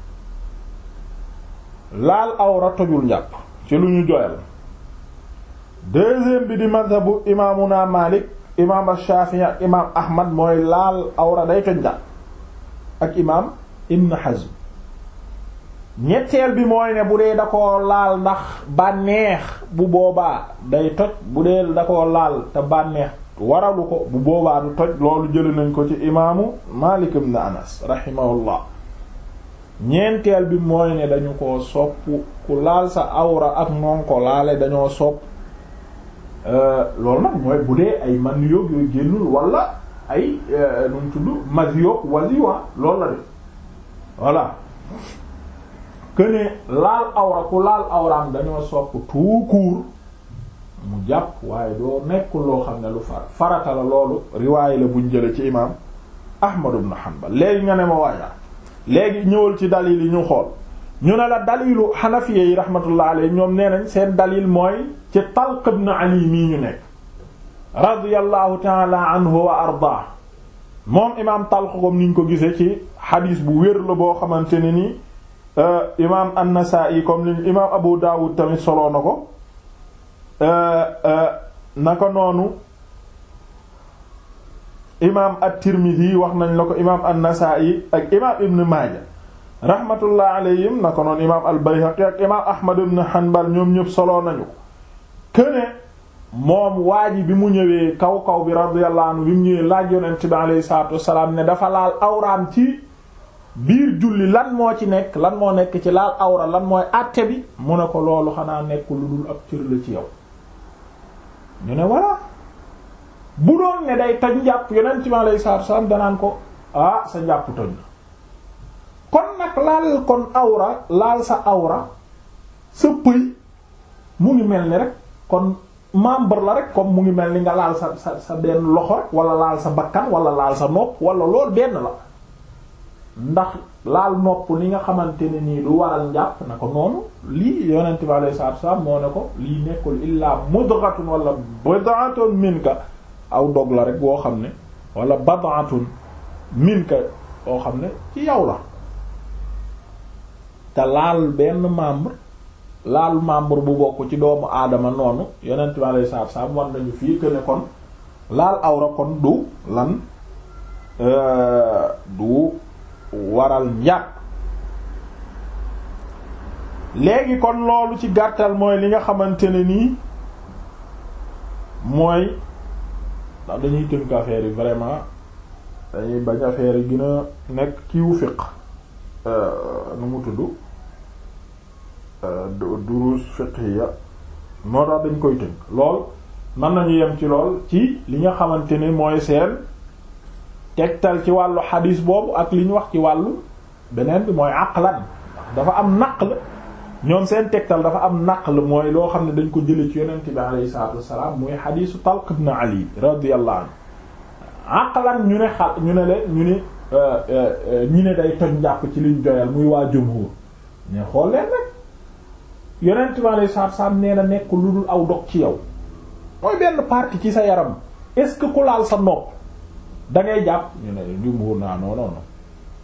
laal awra tojul njàpp ci lu ñu joyal deuxième bi di mazhabu imaamuna Maalik imaam Shaafi'i ak imaam Ahmad mooy laal awra day toj la ak imaam Ibn Hazm ñetteel bi mooy ne bu dee da koo laal ndax bànneex bu boobaa day toj bu dee da koo laal te bànneex waralu ko bu boobaa du toj loolu jëli nañ ko ci imaamu Maalik ibn Anas rahimahullah ñeenteel bi mooy ne dañu ko sopp ku laal sa awra ak noon laale dañoo sopp Euh, loolu nag mooy bu dee ay man yoog yooyu génnul wala ay euh, nu mu tudd mas yoog wasi loolu la def voilà que laal awra ku laal awraam dañoo sopp tout court mu jàpp waaye doo nekkul loo xam ne lu far farata la loolu riwaay la buñ jële ci imaam Ahmad ibn Hanbal léegi nga ne ma waaja léegi ñëwal ci dalil yi ñu xool ñu ne la dalilu xanafiya yi rahmatullah ñoom nee nañ seen dalil mooy ci Talq ibn Ali mii ñu nekk radiyallahu taala anhu wa arda moom imaam Talq comme niñ ko gisee ci xadiis bu wér la boo xamante ni nii euh, imaam an-Nasaa'i comme ni imaam Abu Dawud tamit soloo na ko euh, euh, naka noonu imaam at-Tirmidhi wax nañ la ko imaam an-Nasaa'i ak imaam Ibn Maaja rahmatullah alayhim na ko noon imaam al-Bayhaqi ak imaam Ahmad ibn Hanbal ñoom ñëpp soloo nañu këne moom waa bi mu ñëwee kaw kaw bi radiyallahu anhu bi mu ñëwee laaj yonent bi alayhi salaatu wassalaam ne dafa laal awraam ci biir julli lan moo ci nekk lan moo nekk ci laal awra lan mooy àtte bi mu ne ko loolu xanaa nekk lu dul ab cër la ci yow ñu ne voilà bu doon ne day toj njàpp yonent bi sa salaatu wassalaam danaan ko ah sa njàpp toj kon nag laal kon awra laal sa awra sa pëy mu ngi mel ni rek kon membre la rek comme mu ngi mel ni nga laal sa sa sa benn loxo rek wala laal sa bakkan wala laal sa nopp wala lool benn la ndax laal nopp ni nga xamante ne nii lu waral njàpp na ko noonu lii yonent bi alayhi salaatu wasallam moo ne ko lii nekkul illaa mudghatun wala bad'atun minka aw dog la rek boo xam ne walla bad'atun minka boo xam ne ci yow la te laal benn membre laal membre bu bokk ci doomu aadama noonu yonent bi alayhi salaatu salaam war nañu fii que kon laal awra kon du lan euh, du waral njàpp léegi kon loolu ci gàttal mooy li nga xamante ne nii mooy ndax dañuy tënk affaire yi vraiment dañuy bañ affaire yi gën a nekk kiiwu fiq euh, nu mu tudd Euh, duruus fiqhiya moo tax dañ koy tënk lool mën nañu yem ci lool ci li nga xamante ne mooy seen tegtal ci wàllu xadiis boobu ak li ñu wax ci wàllu beneen bi mooy aqlan dafa am naq la ñoom seen tegtal dafa am naq la mooy loo xam ne dañ ko jële ci yonent bi alayhi salaatu wassalaam muy xadiisu Talq ibn Ali radiyallahu anhu aqlan ñu ne xal ñu ne leen ñu ne euh, euh, ñu ne day toj njàpp ci liñ joyal muy waa jumhur mais xool leen rek yonent bi alayhi salaatu salaam nee na nekk lu dul aw dog ci yow mooy benn partie ci sa yaram est-ce que ku laal sa nopp da jàpp ñu ne jumhur naa non non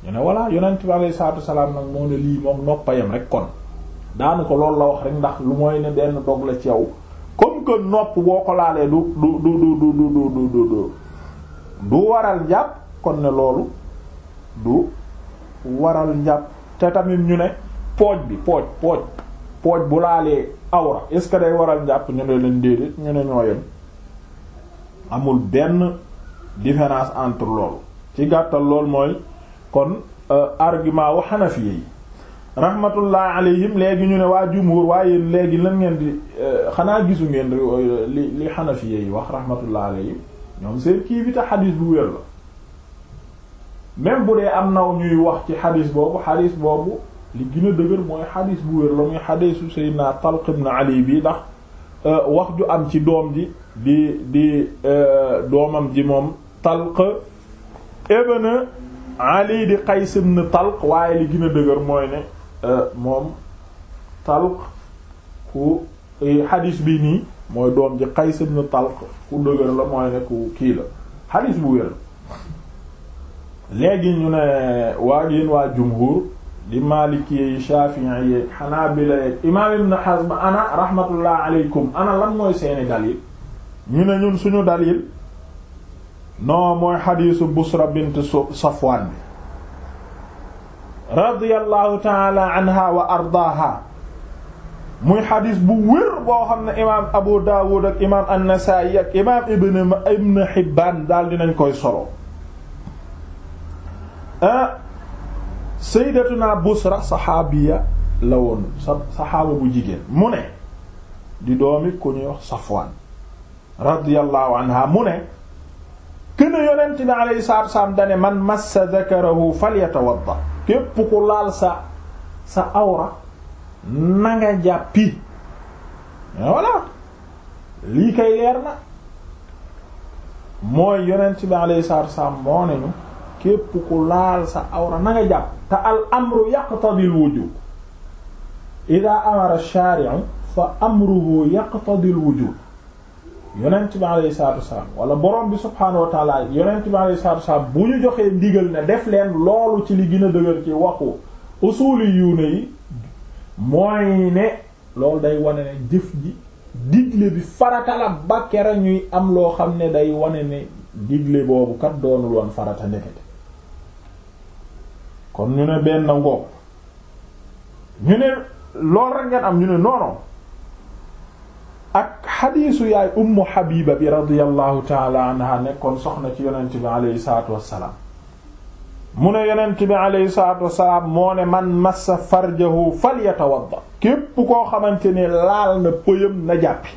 ñu ne voilà yonent bi alayhi salaatu salaam nag moo ne lii moom noppayam rek kon ko loolu la wax rek ndax lu mooy ne benn dog la ci yow comme que nopp boo ko laalee du du du du du du du du du waral njàpp kon ne loolu du waral njàpp te tamit ñu ne pooj bi pooj pooj pooj bu laalee awra est day waral njàpp ñu ne leen déedéet ñu ne ñoo yem amul benn différence entre loolu ci gàttal lool mooy kon euh, argument wu xanafi yi rahmatullah alayhim léegi ñu ne waa jumhur waaye léegi lan ngeen di euh, xanaa gisu ngeen euh, li li xanafi yi wax rahmatullah alayhim ñoom seen kii bi te xadis bu wér la même bu dee am naw ñuy wax ci xadis boobu xadis boobu li gën a dëgër mooy xadis bu wér la muy xadisu Seydina Talq ibn Ali bi ndax euh, wax ju am ci doom ji di di euh, doomam ji moom Talq ibn Ali di Qays ibn Talq waaye li gën dëgër mooy ne euh, moom Talq ku eh, xadis bi nii mooy doom ji Qays ibn Talq ku dëgër la mooy ne ku kii la xadis bu wér léegi ñu ne waa yéen waa jumhur di maalikiyee yi shafi'i yi xanaabila yi imaam ibn Hazm ana rahmatullah aleykum ana lan mooy seeni dalil ñu ne ñun suñu dalil non mooy xadiisu Busra bint Safwan bi taala anha wa ardaaha muy xadis bu wér boo xam Abu Dawud ak imaam An-Nasa'i Ibn Ibn Hibban daal dinañ koy solo ah sayyidatuna Busra saxaabiya la woon sa saxaaba bu jigéen mu ne di doomi ku ñuy wax Safwaan radiyallahu anha mu ne kën a yonent bi alayhi salaatu dane man massa zakarahu falyatawadda képp ku laal sa sa awra na nga jàppi voilà lii kay leer na mooy yonent bi alayhi salaatu moo ne ñu képp ku laal sa awra na nga jàpp te al amru yaqtadi al wujub ida amara shari'u fa amruhu yaqtadi al wujub yonent bi alayhi salaatu wasalaam wala borom bi subhaanahu wa taala yonent bi alayhi salaatu wasalaam bu ñu joxee ndigal ne def leen loolu ci li gën dëgër ci waxu usuli yuune yi mooy ne loolu day wane ne jëf ji digle bi farata la ba ñuy am loo xam ne day wane ne digle boobu kat doonul woon farata ndekete kon ñu ne benn ngoog ñu ne lool rek am ñu ne noonoon ak xadiisu yaay ummu Habiba bi radiyallahu taala anha nekkoon soxna ci yonent bi aleyhi salaatu wassalaam mu ne yonent bi aleyhi salaatu wassalaam moo ne man massa farjahu falyatawadda képp koo xamante ne laal na pëyam na jàppi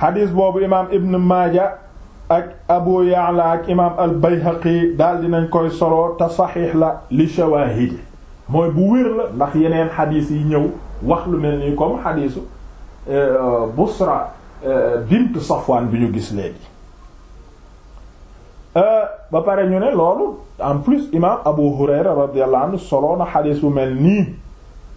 xadiis boobu imaam Ibn Maaja ak abu ya'la ak imaam al-bayhaqi daal dinañ koy solo te saxiix la li shawaahidi mooy bu wér la ndax yeneen xadiis yi ñëw wax lu mel ni comme xadiisu euh, busra euh, bint safwaan bi ñu gis léegi euh, ba pare ñu ne loolu en plus imaam abu hurayra radiyallahu anhu solo na xadiis bu mel nii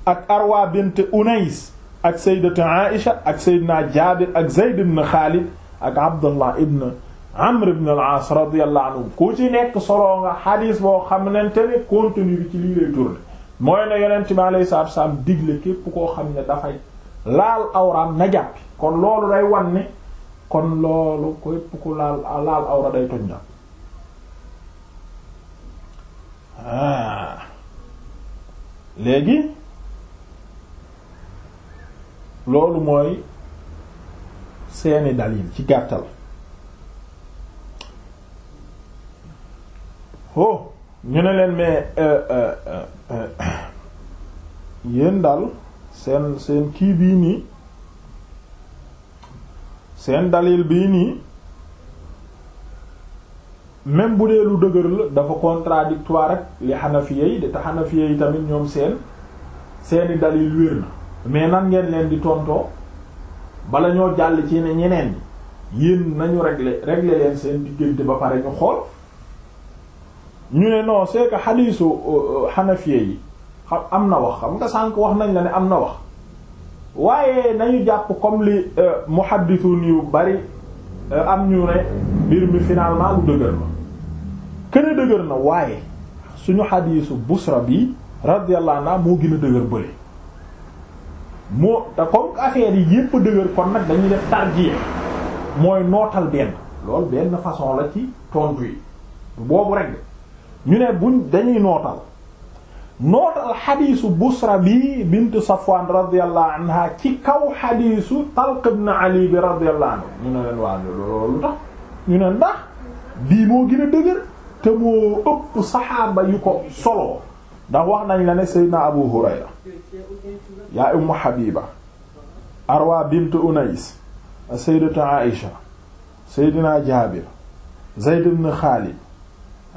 ak arwa bint unays ak sayyidatu aisha ak sayyidina jaabir ak zayd ibn xaalid ak abdullah ibn Amr ibn al-As radiyallahu ku ci nekk solo nga xadiis boo xamante ne contenu bi ci lii lay tourné mooy ne yonent bi alayhi salaatu salaam digle képp koo xam ne dafay laal awraam na jàppi kon loolu day wan ni kon loolu képp ku laal laal awra day toj jàpp ah. léegi loolu mooy seeni dalil ci gàttal oh ñu ne leen mais euh, euh, euh, yéen dal seen seen kii bii nii seen dalil bii nii même bu dee lu dëgër la dafa contradictoire ak li xanafiya yi de te xanafiya yi tamit ñoom seen seeni dalil wér na mais nan ngeen leen di tontoo bala ñoo jàll ci ne ñeneen ñi yéen nañu régler régler leen seen diggante ba pare ñu xool ñu ne non c'est que xadiisu xanafiye euh, yi xam am na wax xam nga sànq wax nañ la ne am na wax waaye nañu jàpp comme li euh, muhaddithun yu bari euh, am ñu ne mbir mi finalement lu dëgër na kën a dëgër na waaye suñu xadiisu busra bi radiyallahu anha moo gën a dëgër bële moo te comme affaire yi yépp dëgër kon nag dañuy def tarjiix mooy nootal benn lool benn façon la ci tontu yi boobu rek ñu ne buñ dañuy nootal nootal xadiisu Busra bi bintu Safwan radiyallahu anha ci kaw xadiisu Talq ibn Ali bi radiyallahu anhu ñu ne leen ñu ne ndax bii moo gën dëgër te moo ëpp saxaaba yu ko solo ndax wax nañ la ne Seydina Abu Hurayra yaa Ummu Habiba Arwa bint Unais Sayyidatu Aïsha Seydina Jaabir Zayd ibn Khalid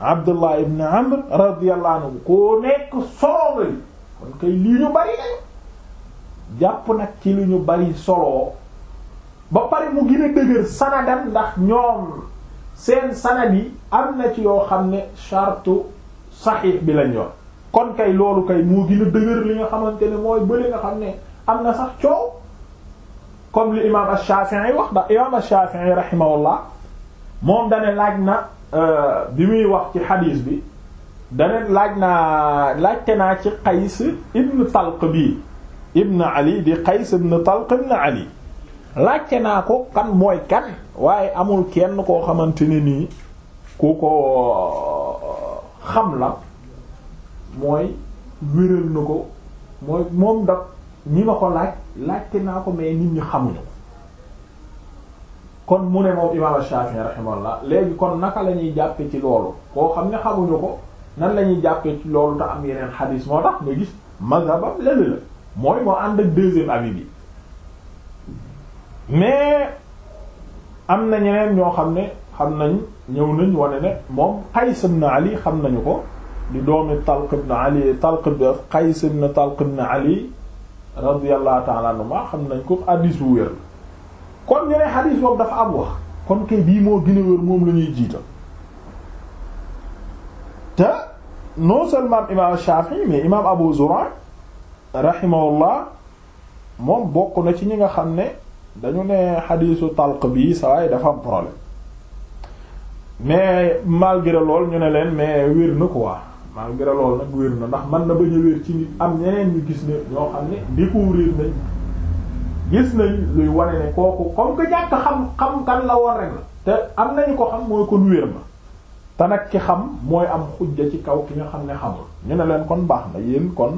Abdullah ibn Amr radiyallahu anhu koo nekk solo nga kon kay lii ñu bari nañu jàpp nag ci li ñu bari solo ba pare mu gën a dëgër sanadan ndax ñoom seen sanad yi am na ci yoo xam ne chartu saxiix bi lañ kon kay loolu kay moo gën dëgër li nga xamante ne mooy bële nga xam ne am na sax coow comme li imaam Ash-Shafi'i wax ndax imaam Ash-Shafi'i rahimahullah moom dane laaj na bi muy wax ci xadiis bi daneen laaj naa laajte naa ci Qays ibn Talq bi ibn Ali di Qays ibn Talq ibn Ali laajte naa ko kan mooy kan waaye amul kenn koo xamante ne nii ku ko uh, xam la mooy wéral na ko mooy moom daf ñi ma ko laaj laajte naa ko mais nit ñi xamuñu ko kon mu ne moom imaam Shafi'i rahimahullah léegi kon naka la ñuy jàppe ci loolu koo xam ne xamuñu ko nan la ñuy jàppee ci loolu te am yeneen xadis moo tax nga gis mazhabam lëli la mooy moo ànd ak deuxième avis bi mais am na ñeneen ñoo xam ne xam nañ ñëw nañ wane ne moom Qays ibn Ali xam nañu ko di doomi Talq ibn Ali Talq ibn Qays ibn Talq ibn Ali radiyallahu ta'ala xam nañ ko hadiis bu wér kon ñu ne xadiis boobu dafa am wax kon kay bii moo gën a wér moom la ñuy jiital te non seulement imaam Shafi'i mais imaam Abu Zur'a rahimahullah moom bokk na ci ñi nga xam ne dañu ne xadiisu talq bii sawaay dafa am problème mais malgré lool ñu ne leen mais wér na ko quoi malgré lool nag wér na ndax man na bañ a wér ci nit am ñeneen ñu gis ne ñoo xam ne découvrir nañ gis nañ luy wane ne kooku comme que ñàkk xam xam kan la woon rek la te am nañu ko xam mooy kon wér ma te nag ki xam mooy am xujja ci kaw ki nga xam ne xamul ñu ne leen kon baax na yéen kon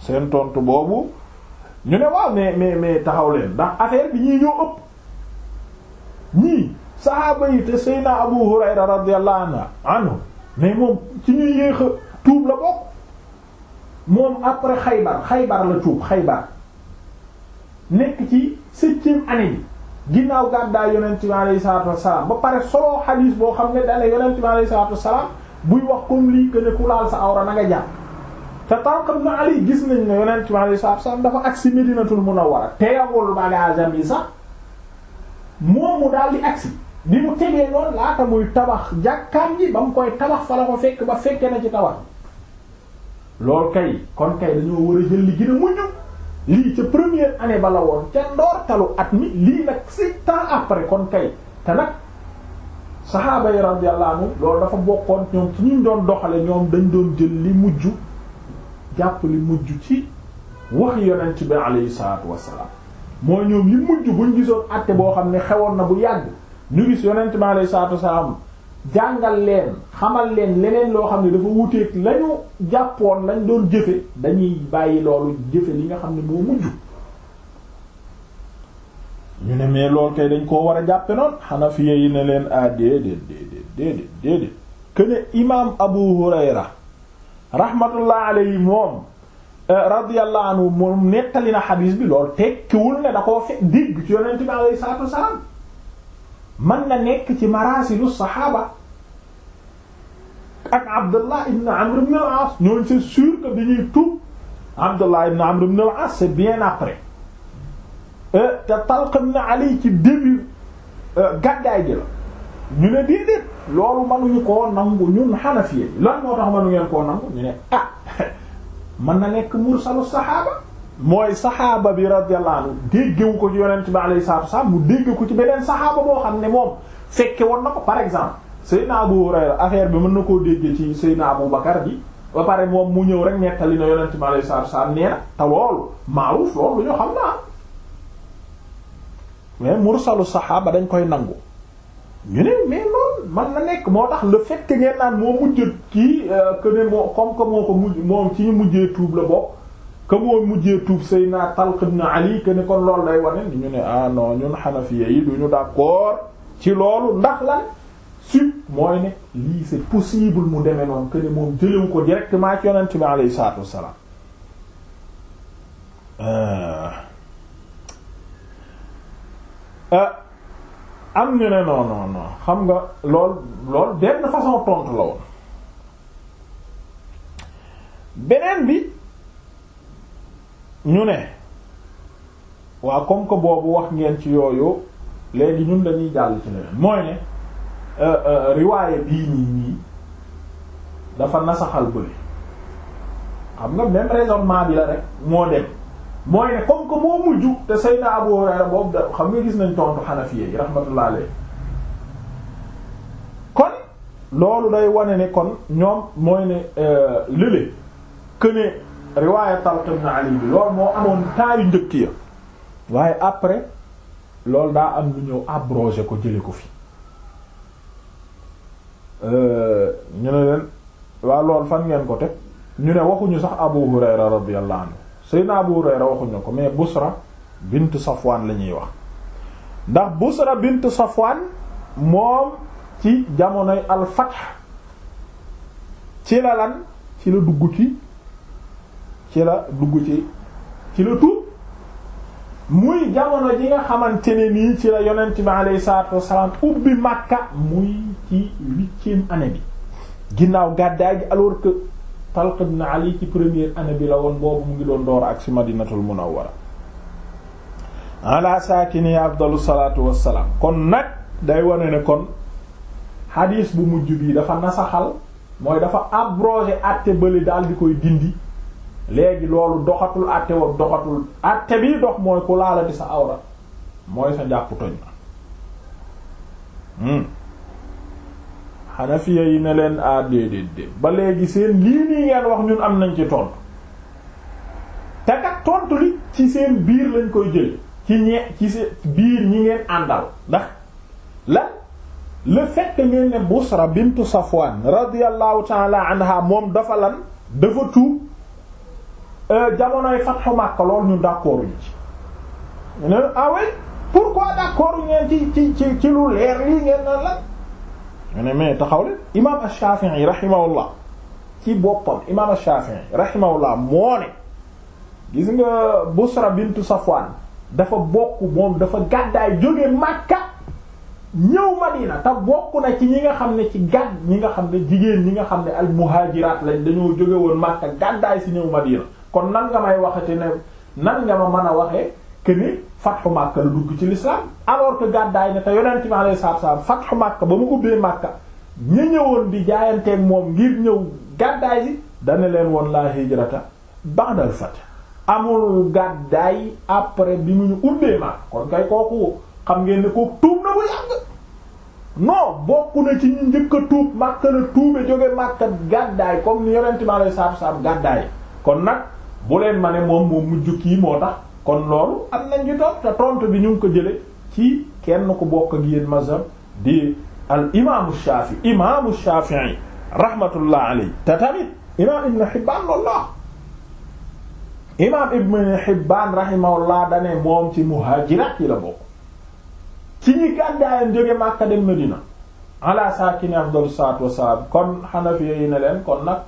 seen tontu boobu ñu ne waaw mais mais mais taxaw leen ndax affaire bi ñii ñoo ëpp ñii sahaaba yi te Seydina Abu Hurayra radiyallahu anhu mais moom ci ñuy yéex tuub la bokk moom après Xaybar Xaybar la tuub Xaybar nekk ci septième année bi ginnaaw gàddaay yonent bi alayhi salaatu wassalaam ba pare solo xadiis boo xam ne dane yonent bi alayhi salaatu wassalaam buy wax comme lii ko ne ku laal sa awra na nga jàpp te Tarqam na Ali gis nañ ne yonent bi alayhi salaatu wassalaam dafa agsi Medinatul Munawwara teewul bagaasam yi sax moom mu daal di agsi bi mu tegee noonu laata muy tabax jàkkaan ji ba mu koy tabax fa la ko fekk ba fekke na ci tabax loolu kay kon kay dañoo war a lii ca première année ba la woon ca ndoortalu at mi lii nag sept ans après kon kay te nag saxaaba yi radiyallahu loolu dafa bokkoon ñoom ci ñu doon doxale ñoom dañ doon jël li mujj jàpp li mujj ci wax yonent bi alayhi salaatu wassalaam moo ñoom li mujj buñ gisoon àtte boo xam ne xewoon na bu yàgg ñu gis yonent bi alayhi salaatu wassalaam jàngal leen xamal leen leneen loo xam ne dafa wuteek lañu jàppoon lañ doon jëfe dañuy bàyyi loolu jëfe li nga xam ne moo mujj ñu ne mais lool kay dañ koo war a jàppe noonu xanafiya yi ne leen ah déedéet déedéet déedéet këne imaam abu hurayra rahmatullah alayhi moom euh, radiyallahu anhu moom nettali na xadiis bi lool tekkiwul ne da koo fe dégg ci yonent bi alayhi salaatu wasalaam man na nekk ci maraasilu saxaaba ak Abdullah ibn Amr ibn al-As ñooñu c'est sûr que bi ñuy tuub Abdullah ibn Amr ibn al-As c'est bien après euh, te Talq ibn Ali ci début euh, gàddaay gi la ñu ne déedéet loolu mënuñu koo nangu ñun Hanafi lan moo tax mënu ngeen koo nangu ñu ne ah mën na nekk mursalu saxaaba mooy saxaaba bi radiyallahu anhu déggewu ko ci yonent bi alayhi salaatu wasallam mu dégg ko ci beneen saxaaba boo xam ne moom fekke woon na ko par exemple Seydina Abu Hurayra affaire bi mën na koo déggee ci naa Abu Bakar bi ba pare moom mu ñëw rek nettali na yonent mi alayhi salaatu salaam nee na te loolu maaruf loolu ñu xam naa mais mursalu saxaaba dañ koy nangu ñu ne mais loolu man na nekk moo tax la fekk que ngeen naan moo mujj kii euh, que moo comme que ko mujj moom ci ñu mujjee tuub la bokk que mujjee tuub Seydina Talq ibn Ali que ne kon loolu lay wane ñu ne ah non ñun xanafiya yi du ñu d'accord ci loolu ndax lan. sup mooy ne lii c'est possible mu demee noonu que ne moom jëlewu ko directement ci yonent bi alayhi salaatu wassalaam euh, euh, am ñu ne non non xam nga lool lool benn façon tontu la woon beneen bi ñu ne waa comme que boobu wax ngeen ci yooyu léegi ñun dañuy jàll ci leneen mooy ne Euh, euh, riwaaye bii nii nii dafa nasaxal bële xam nga même raisonnement bi la rek moo dem mooy ne comme que moo mujj te Seydina Abu Hurayra boobu da xam nga gis nañ tontu Hanafiyya yi rahmatullah alayh kon loolu day wone ne kon ñoom mooy ne euh, lële que ne riwaaya Talq ibn Ali bi loolu moo amoon taayu njëkk ya waaye après loolu daa am lu ñëw abrogé ko jële ko fi Euh, ñu ne leen waa lool fan ngeen ko teg ñu ne waxuñu sax Abu Hurayra radiyallahu anhu Seydina Abu Hurayra waxuñu ko mais Busra bint Safwan la ñuy wax ndax Busra bint Safwan moom ci jamonoy al-Fath ci la lan ci la dugg ci ci la dugg ci ci la tuub muy jamono ji nga xamante ne nii ci la yonent bi alayhi salaatu wassalaam ubbi Makka muy ci huitième année bi ginnaaw gàddaay gi alors que Talq ibn Ali ci première année bi la woon boobu mu ngi doon door ak ci Madinatul Munawwara ala saakini afdalu salaatu wassalaam kon nag day wane ne kon hadis bu mujj bii dafa nasaxal mooy dafa abrogé àtte bële daal di koy dindi léegi loolu doxatul àtte doxatul àtte bi dox mooy ku laalati sa awra mooy sa njàpp toj na xanafiya hmm. yi ne leen a ah, déedéet ba léegi seen lii nii ngeen wax ñun am nañ ci tontu te kat tontu li ci seen biir lañ koy jël ci ñe ci seen biir ñi ngeen àndal ndax la le fait que ngeen ne Busra bintu Safwan radiyallahu ta'ala anha moom dafa lan dafa tuub Euh, jamonoy fatxu Makka loolu ñun d'accord ñu ci ñu ne ah oui pourquoi d'accord ci ci ci ci leer lii ngeen naan la ñu ne mais taxaw leen imaam Ash-Shafi'i rahimahullah ci boppam imaam Ash-Shafi'i rahimahullah moo ne gis nga Busra bintu Safwan dafa bokk moom dafa gàddaay jóge Makka ñëw Madina te bokk na ci ñi nga xam ne ci gàdd ñi nga xam ne jigéen ñi nga xam ne al muhajiraat lañ dañoo jóge woon Makka gàddaay si ñëw Madina kon nan nga may waxati ne nan nga ma mën a waxee que ni fatxu Makka la dugg ci l'islam alors que gàddaay ne te yonent bi alayhi salaatu salaam fatxu Makka ba mu ubbee Makka ñëwoon di jaayanteeg moom ngir ñëw gàddaay si dana leen woon laa hijrata ba'dal fath amul gàddaay après bi mu ñu ubbee Makka kon kay kooku xam ngeen ni kooku tuub na bu yàgg non bokk na ci ñu njëkk a tuub Makka la tuube jóge Makka gàddaay comme ni yonent bi alayhi salaatu salaam gàddaay kon nag. bu leen ma ne moom moom mujj kii moo tax kon loolu am nañ ñu te tontu bi ñu ko jële ci kenn ku bokk ak yéen mazhab di al imaamu Shaafi imaamu Shaafi'i rahmatullah alayhi te tamit imaam Ibn Hibbaan loolu la imaam Ibn Hibbaan rahimahullah dane moom ci muhaajiraat yi la bokk ci ñi gàddaayam jóge Makka dem Medina ala saakini afdalu salaatu wassalaam kon Hanafiya yi ne leen kon nag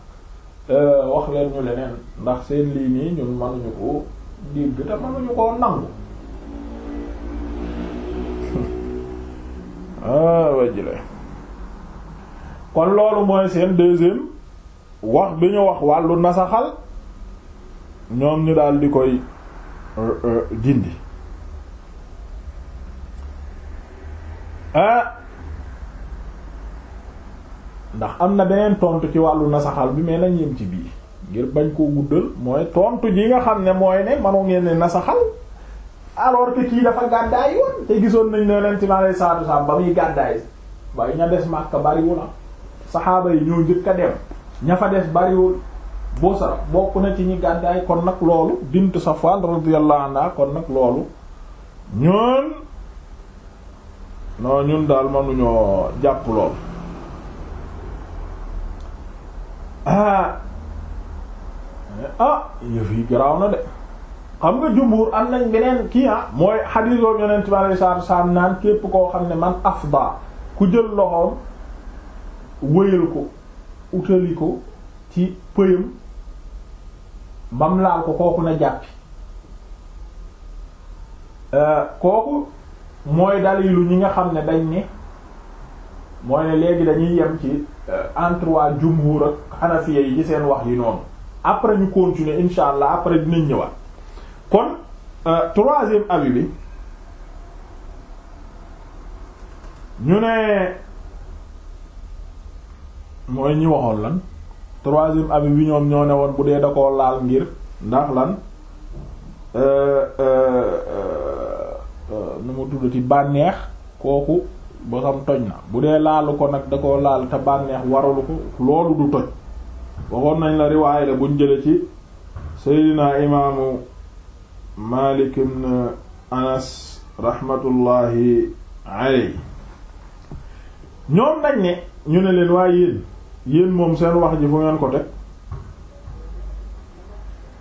Euh, wax leen ñu leneen ndax seen lii nii ñun mënuñu ko dégg te mënuñu koo nangu ah wajile kon loolu mooy seen deuxième wax bi ñu wax wàllu nasaxal ñoom ñu daal di koy euh, euh, dindi ah ndax am na beneen tontu ci wàllu nasaxal bi mais nañ yem ci bii ngir bañ koo guddal mooy tontu ji nga xam ne mooy ne manu ngeen ne nasaxal alors que kii dafa gàddaay woon te gisoon nañ ne leen ci ma lay saatu saam ba muy gàddaay waaye ña des Makka bariwul ah. saxaaba yi ñoo njëkk a dem ña fa des bariwul Busra bokk na ci ñi gàddaay kon nag loolu bintu Safwan radiyallahu anha kon nag loolu ñoon non ñun daal manuñoo jàpp lool ah ah yëf yi garaaw na de xam nga jumbuur am nañ beneen kii ah mooy xadiis boobu yonent bi alayhi naan képp koo xam ne man afda ku jël loxoom wëyal ko utali ko ci pëyam bam laal ko kooku na jàppi eh, kooku mooy dalilu ñi nga xam ne dañ ne mooy ne léegi dañuy yem ci euh, entre waa jumhur ak xanafiya yi ci seen wax yi noonu après ñu continuer insha allah après dinañ ñëwaat kon euh, troisième avis bi ñu ne mooy ñi waxoon lan troisième avis bi ñoom ñoo ne woon bu dee da koo laal ngir ndax lan euh, nu mu ti bànneex kooku bosam toj na bu dee laalu ko nag da koo laal te bànneex waralu ko loolu du toj waxoon nañ la riwaaya la buñ jële ci seydina imaamu Malik ibn Anas rahmatullahi aley ñoom nañ ne ñu ne leen waaye yéen yéen moom seen wax ji fu ngeen ko teg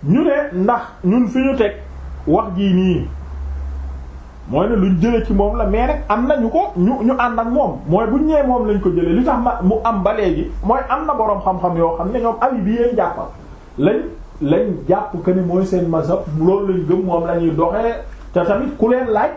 ñu ne ndax ñun fi ñu teg wax jii nii mooy ne ñu jële ci moom la mais rek am na ñu ko ñu ñu ànd ak moom mooy bu ñëwee moom lañ ko jëlee li tax ma mu am ba léegi mooy am na boroom xam-xam yoo xam ne ñoom avis bi yeen jàppal lañ lañ jàpp que ni mooy seen mazhab loolu lañ gëm moom la ñuy doxee ca tamit ku leen laaj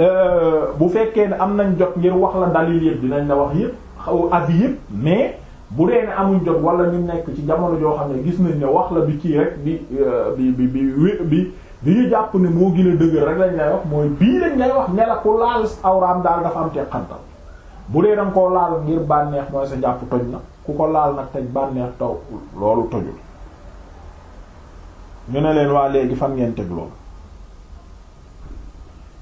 euh, bu fekkee ne am nañ jot ngir wax la dalil yëpp dinañ la wax yëpp xaw avis yëpp mais bu dee ne amuñ jot wala ñu nekk ci jamono joo xam ne gis nañ ne wax la bi kii rek bi euh, bi bi bi bi ñu jàpp ne moo gën a dëgër rek lañ lay wax mooy bii lañ lay wax ne la ku laal awraam daal dafa am teqantal bu dee danga koo laal ngir bànneex mooy sa jàpp toj na ku ko laal nag tej bànneex taw loolu tojul ñu ne leen waa léegi fan ngeen teg loolu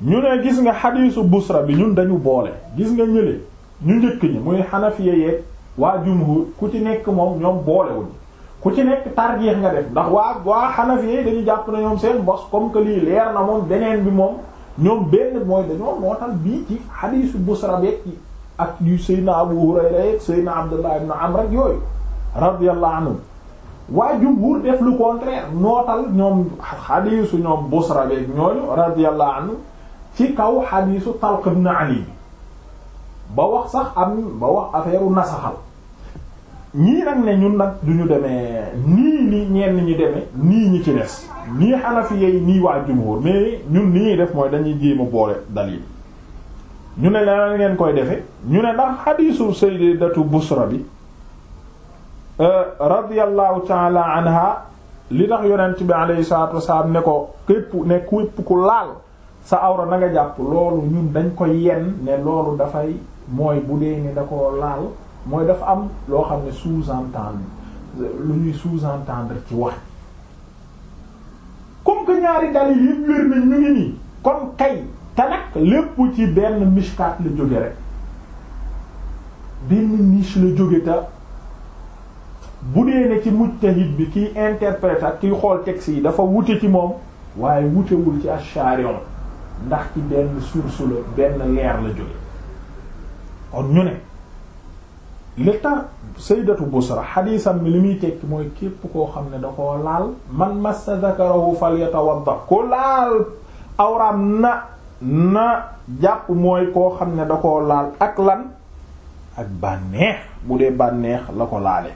ñu ne gis nga xadiisu busra bi ñun dañu boole gis nga ñële ñu njëkk ñi muy xanafiye yeeg waa jumhur ku ci nekk moom ñoom boolewuñu ku ci nekk tarjeex nga def ndax waa waa xanafiye dañu jàpp na ñoom seen bos comme que lii leer na moom beneen bi moom ñoom benn mooy dañoo nootal bii ci xadiisu Busra beek yi ak yu Abu Hurayra yeeg Seydina Abdullah ibn Amr ak yooyu radiyallahu anhu waa jumhur def lu contraire nootal ñoom xadiisu ñoom Busra beek ñooñu radiyallahu anhu ci kaw xadiisu Talq ibn Ali ba wax sax am ba wax affaire nasaxal ñii nag ne ñun nag duñu demee nii ni ñenn ñi demee nii ñi ci nes nii Hanafi yi nii waa jumhur mais ñun ni def mooy dañuy jéem a boole dalil ñu ne la ngeen koy defe ñu ne ndax xadiisu sayyidatu Busra bi euh, radiyallahu ta'ala anha li tax yonent bi alayhi salatu wasallam ne ko képp ne képp ku laal sa awra na nga jàpp loolu ñun dañ koy yenn ne loolu dafay mooy bu dee ni da ko laal mooy dafa am loo xam ne sous-entendu lu ñuy sous-entendre ci wax comme que ñaari dali yi wér mi ñu ngi nii kon kay te nag lépp ci benn mishkat la jóge rek benn niche la jóge te bu dee ne ci mujtahid bi kiy interprète ak kiy xool texte yi dafa wute ci moom waaye wutewul ci asharion ndax ci benn source la benn leer la jóge kon ñu ne li tax sayyidatu Busra xadiisam bi li muy tekki mooy képp koo xam ne da koo laal man massa zakarahu falyatawadda ku laal awraam na na jàpp mooy koo xam ne da koo laal ak lan ak bu dee bànneex la ko laale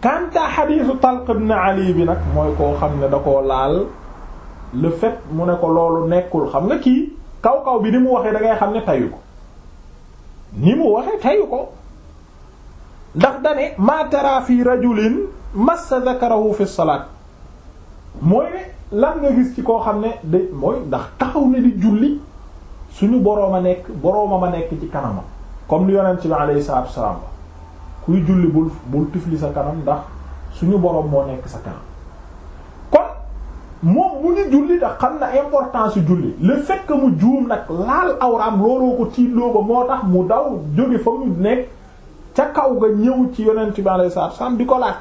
kanta xadiisu Talq ibn Ali bi nag mooy koo xam ne da koo laal le fait mu ne ko loolu nekkul xam nga kii kaw kaw bi ni mu waxee da ngay xam ne tayu ko ni mu waxe tayu ko ndax dane ma tara fi rajulin massa zakarahu fi salaat mooy ne lan nga gis ci koo xam ne da mooy ndax taxaw na di julli suñu boroom a nekk boroomam a nekk ci kanamam comme li yonent bi alayhi salaatu wa salaam kuy julli bul bul tifli sa kanam ndax suñu boroom moo nekk sa kanam moom mu ngi julli da xam na importance su julli le fekk mu juum nag laal awraam looloo ko tiitloo ba moo tax mu daw jóge fa mu nekk ca kaw ga ñëw ci yonent bi alayhi salaatu salaam di ko laaj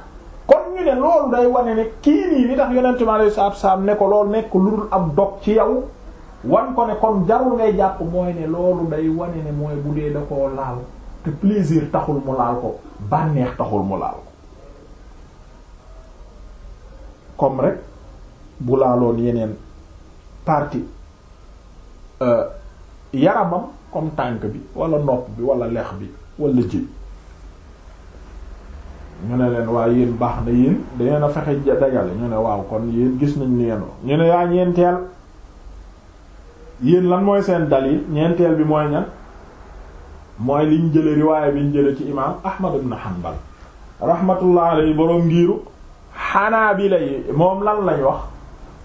kon ñu ne loolu day wane ne kii nii li tax yonent bi alayhi salaatu salaam ne ko loolu nekk lu dul am dog ci yow wan ko ne kon jarul ngay jàpp mooy ne loolu day wane ne mooy bu dee da koo laal te plaisir taxul mu laal ko bànneex taxul mu laal ko comme rek bu laaloon yeneen partie euh, yaramam comme tànk bi wala nopp bi wala lex bi wala jël ñu ne leen waaye yéen baax na yéen dangeen a fexe dajale ñu ne waaw kon yéen gis nañ leen ñu ne yaa ñeenteel yéen lan mooy seen dalil ñeenteel bi mooy ñan mooy liñ jële bi biñ jële ci imaam Ahmad ibn Hanbal rahmatullah alayhi boroom ngiiru Hanaabila yi moom lan lañ wax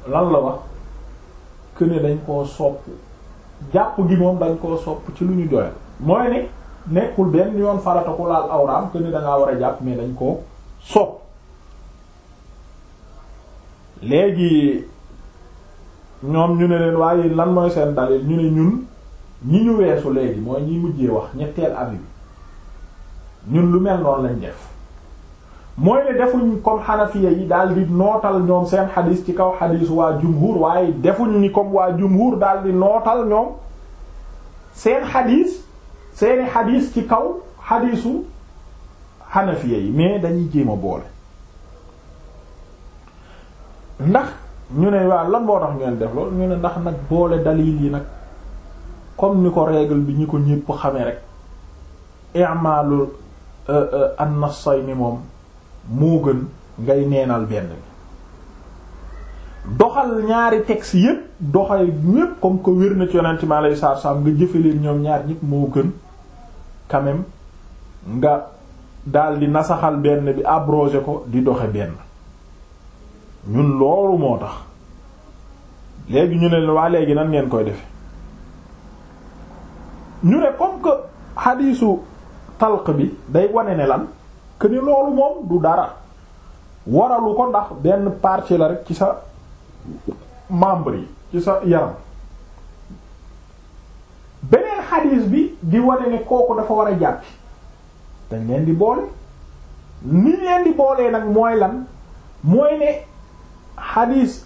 lan la wax que dañ koo sopp jàpp gi moom dañ koo sopp ci lu ñu doyal mooy ne nekkul benn yoon farata ku laal awraam que ne war a jàpp mais dañ koo sopp léegi ñoom ñu ne leen waaye lan mooy seen dalil ñu ne ñun ñi ñu weesu léegi mooy ñi mujjee wax ñetteel at bi ñun lu mel noonu lañ def mooy ne defuñ comme xanafiya yi daal di nootal ñoom seen xadis ci kaw xadis waa jumhur waaye defuñ ni comme waa jumhur daal di nootal ñoom seen xadis seeni xadis ci kaw xadisu xanafiya yi mais dañuy jéem a boole ndax ñu ne waaw lan moo tax def loolu ñu ne ndax nag boole dalil yi nag comme ni ko règle bi ñi ko ñépp xamee rek i'malul euh, euh, an-nassayni moom moo gën ngay neenal benn bi doxal ñaari texte yépp doxal ñépp comme que wér na ci yonent mi alayhi salaatu salaam nga jëfe leen ñoom ñaar ñépp moo gën quand nga daldi nasaxal benn bi abrogé ko di doxe benn ñun loolu moo tax léegi ñu ne waa léegi nan ngeen koy defe ñu ne comme que xadiisu talq bi day wane ne lan que ni loolu moom du dara waralu ko ndax benn partie la rek ci sa membre yi ci sa yaram beneen xadiis bi di ware ne kooku dafa war a jàppi dañ leen di boole ni leen di boolee nag mooy lan mooy ne xadiis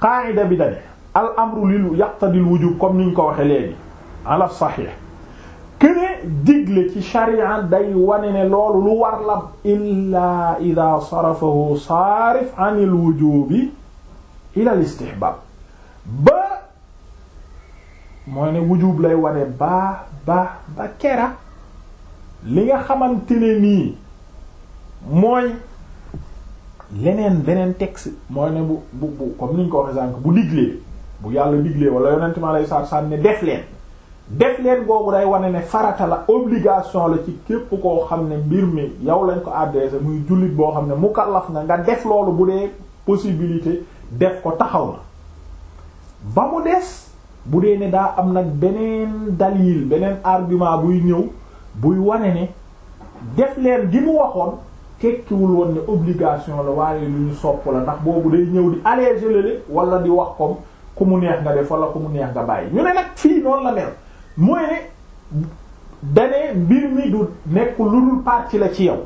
qaayida bi dane al amru lil yaqtadil wujub comme niñ ko waxee léegi ala saxiix kënee digle ci sharia day wane ne loolu lu war la illa ida sarafahu saarif an il wujubi ila al istihbab ba mooy ne wujub lay wane ba ba ba kera li nga xamante nii mooy leneen beneen texte mooy ne bu bu comme niñ ko waxee sànk bu diglee bu yàlla diglee wala yonent ma lay saar sànni def leen def leen boobu day wane ne farata la obligation la ci képp koo xam ne mbir mi yow lañ ko adressé muy jullit boo xam ne mukallaf nga nga def loolu bu dee possibilité def ko taxaw na ba mu des bu dee ne daa am nag beneen dalil beneen argument buy ñëw buy wane ne def leen gi mu waxoon tekkiwul woon ne obligation la waaye lu ñu sopp la ndax boobu day ñëw di alléger lale wala di wax comme ku mu neex nga def wala ku mu neex nga bàyyi ñu ne nag fii noonu la mel mooy ne danee mbir mi du nekk lu dul parti la ci yow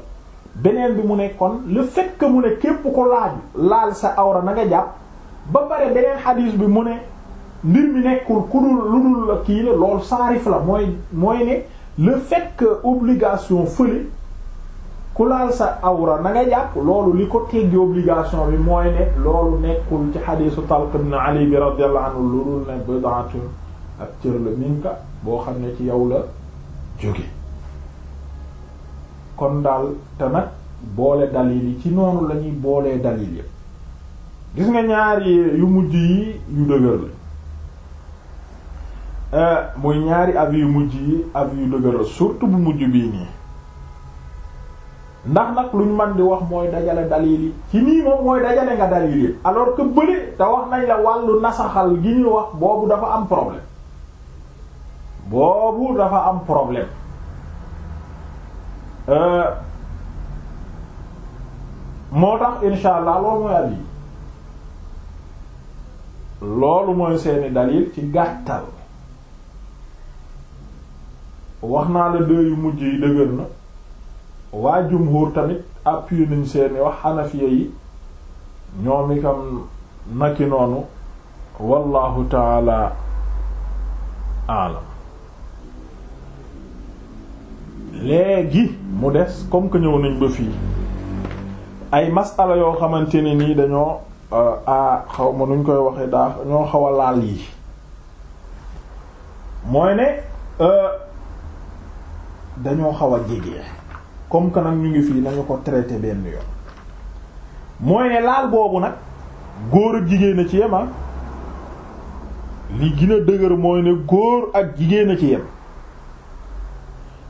beneen bi mu nekkoon kon le mu ne képp ko laaj laal sa awra na jàpp ba pare beneen xadiis bi mu ne mbir mi nekkul ku dul lu dul la kii la loolu saarif la mooy mooy ne le fait obligation fële ku laal sa awra nanga nga jàpp loolu li ko teggi obligation bi mooy ne loolu nekkul ci xadiisu Talq ibn Ali bi radiyallahu anhu lu dul ne bid'atun ak cër la minka boo xam ne ci yow la jóge kon daal te nag boole dalil yi ci noonu lañuy ñuy boolee dalil yi gis nga ñaari yu mujj yi yu dëgër la euh, muy ñaari avis yu mujj yi avis yu dëgër la surtout bu mujj bii nii ndax nag luñ mën di wax mooy dajale dalil ci nii moom mooy dajale nga dalil yi alors que bële te wax nañ la wàllu nasaxal gi ñuy wax boobu dafa am problème boobu dafa am problème euh, moo tax insha loolu mooy àll yi loolu mooy seeni dalil ci gàttal wax naa la deux yu mujj yi dëgër na waa jumhur tamit appuyé nañ seeni wax xanafiya yi ñoomi itam naki noonu wallahu taala alam léegi mu des comme que ñëw nañ ba fii ay masala yoo xamante ne nii dañoo euh, a ah, xaw ma nuñ koy waxee daa ñoo xaw a laal yi mooy ne euh, dañoo xaw a jege comme que nag ñu ngi fii nañu ko traité benn yoon mooy ne laal boobu nag góor ak jigéen a ci yem ah. li gën dëgër mooy ne góor ak jigéen a ci yem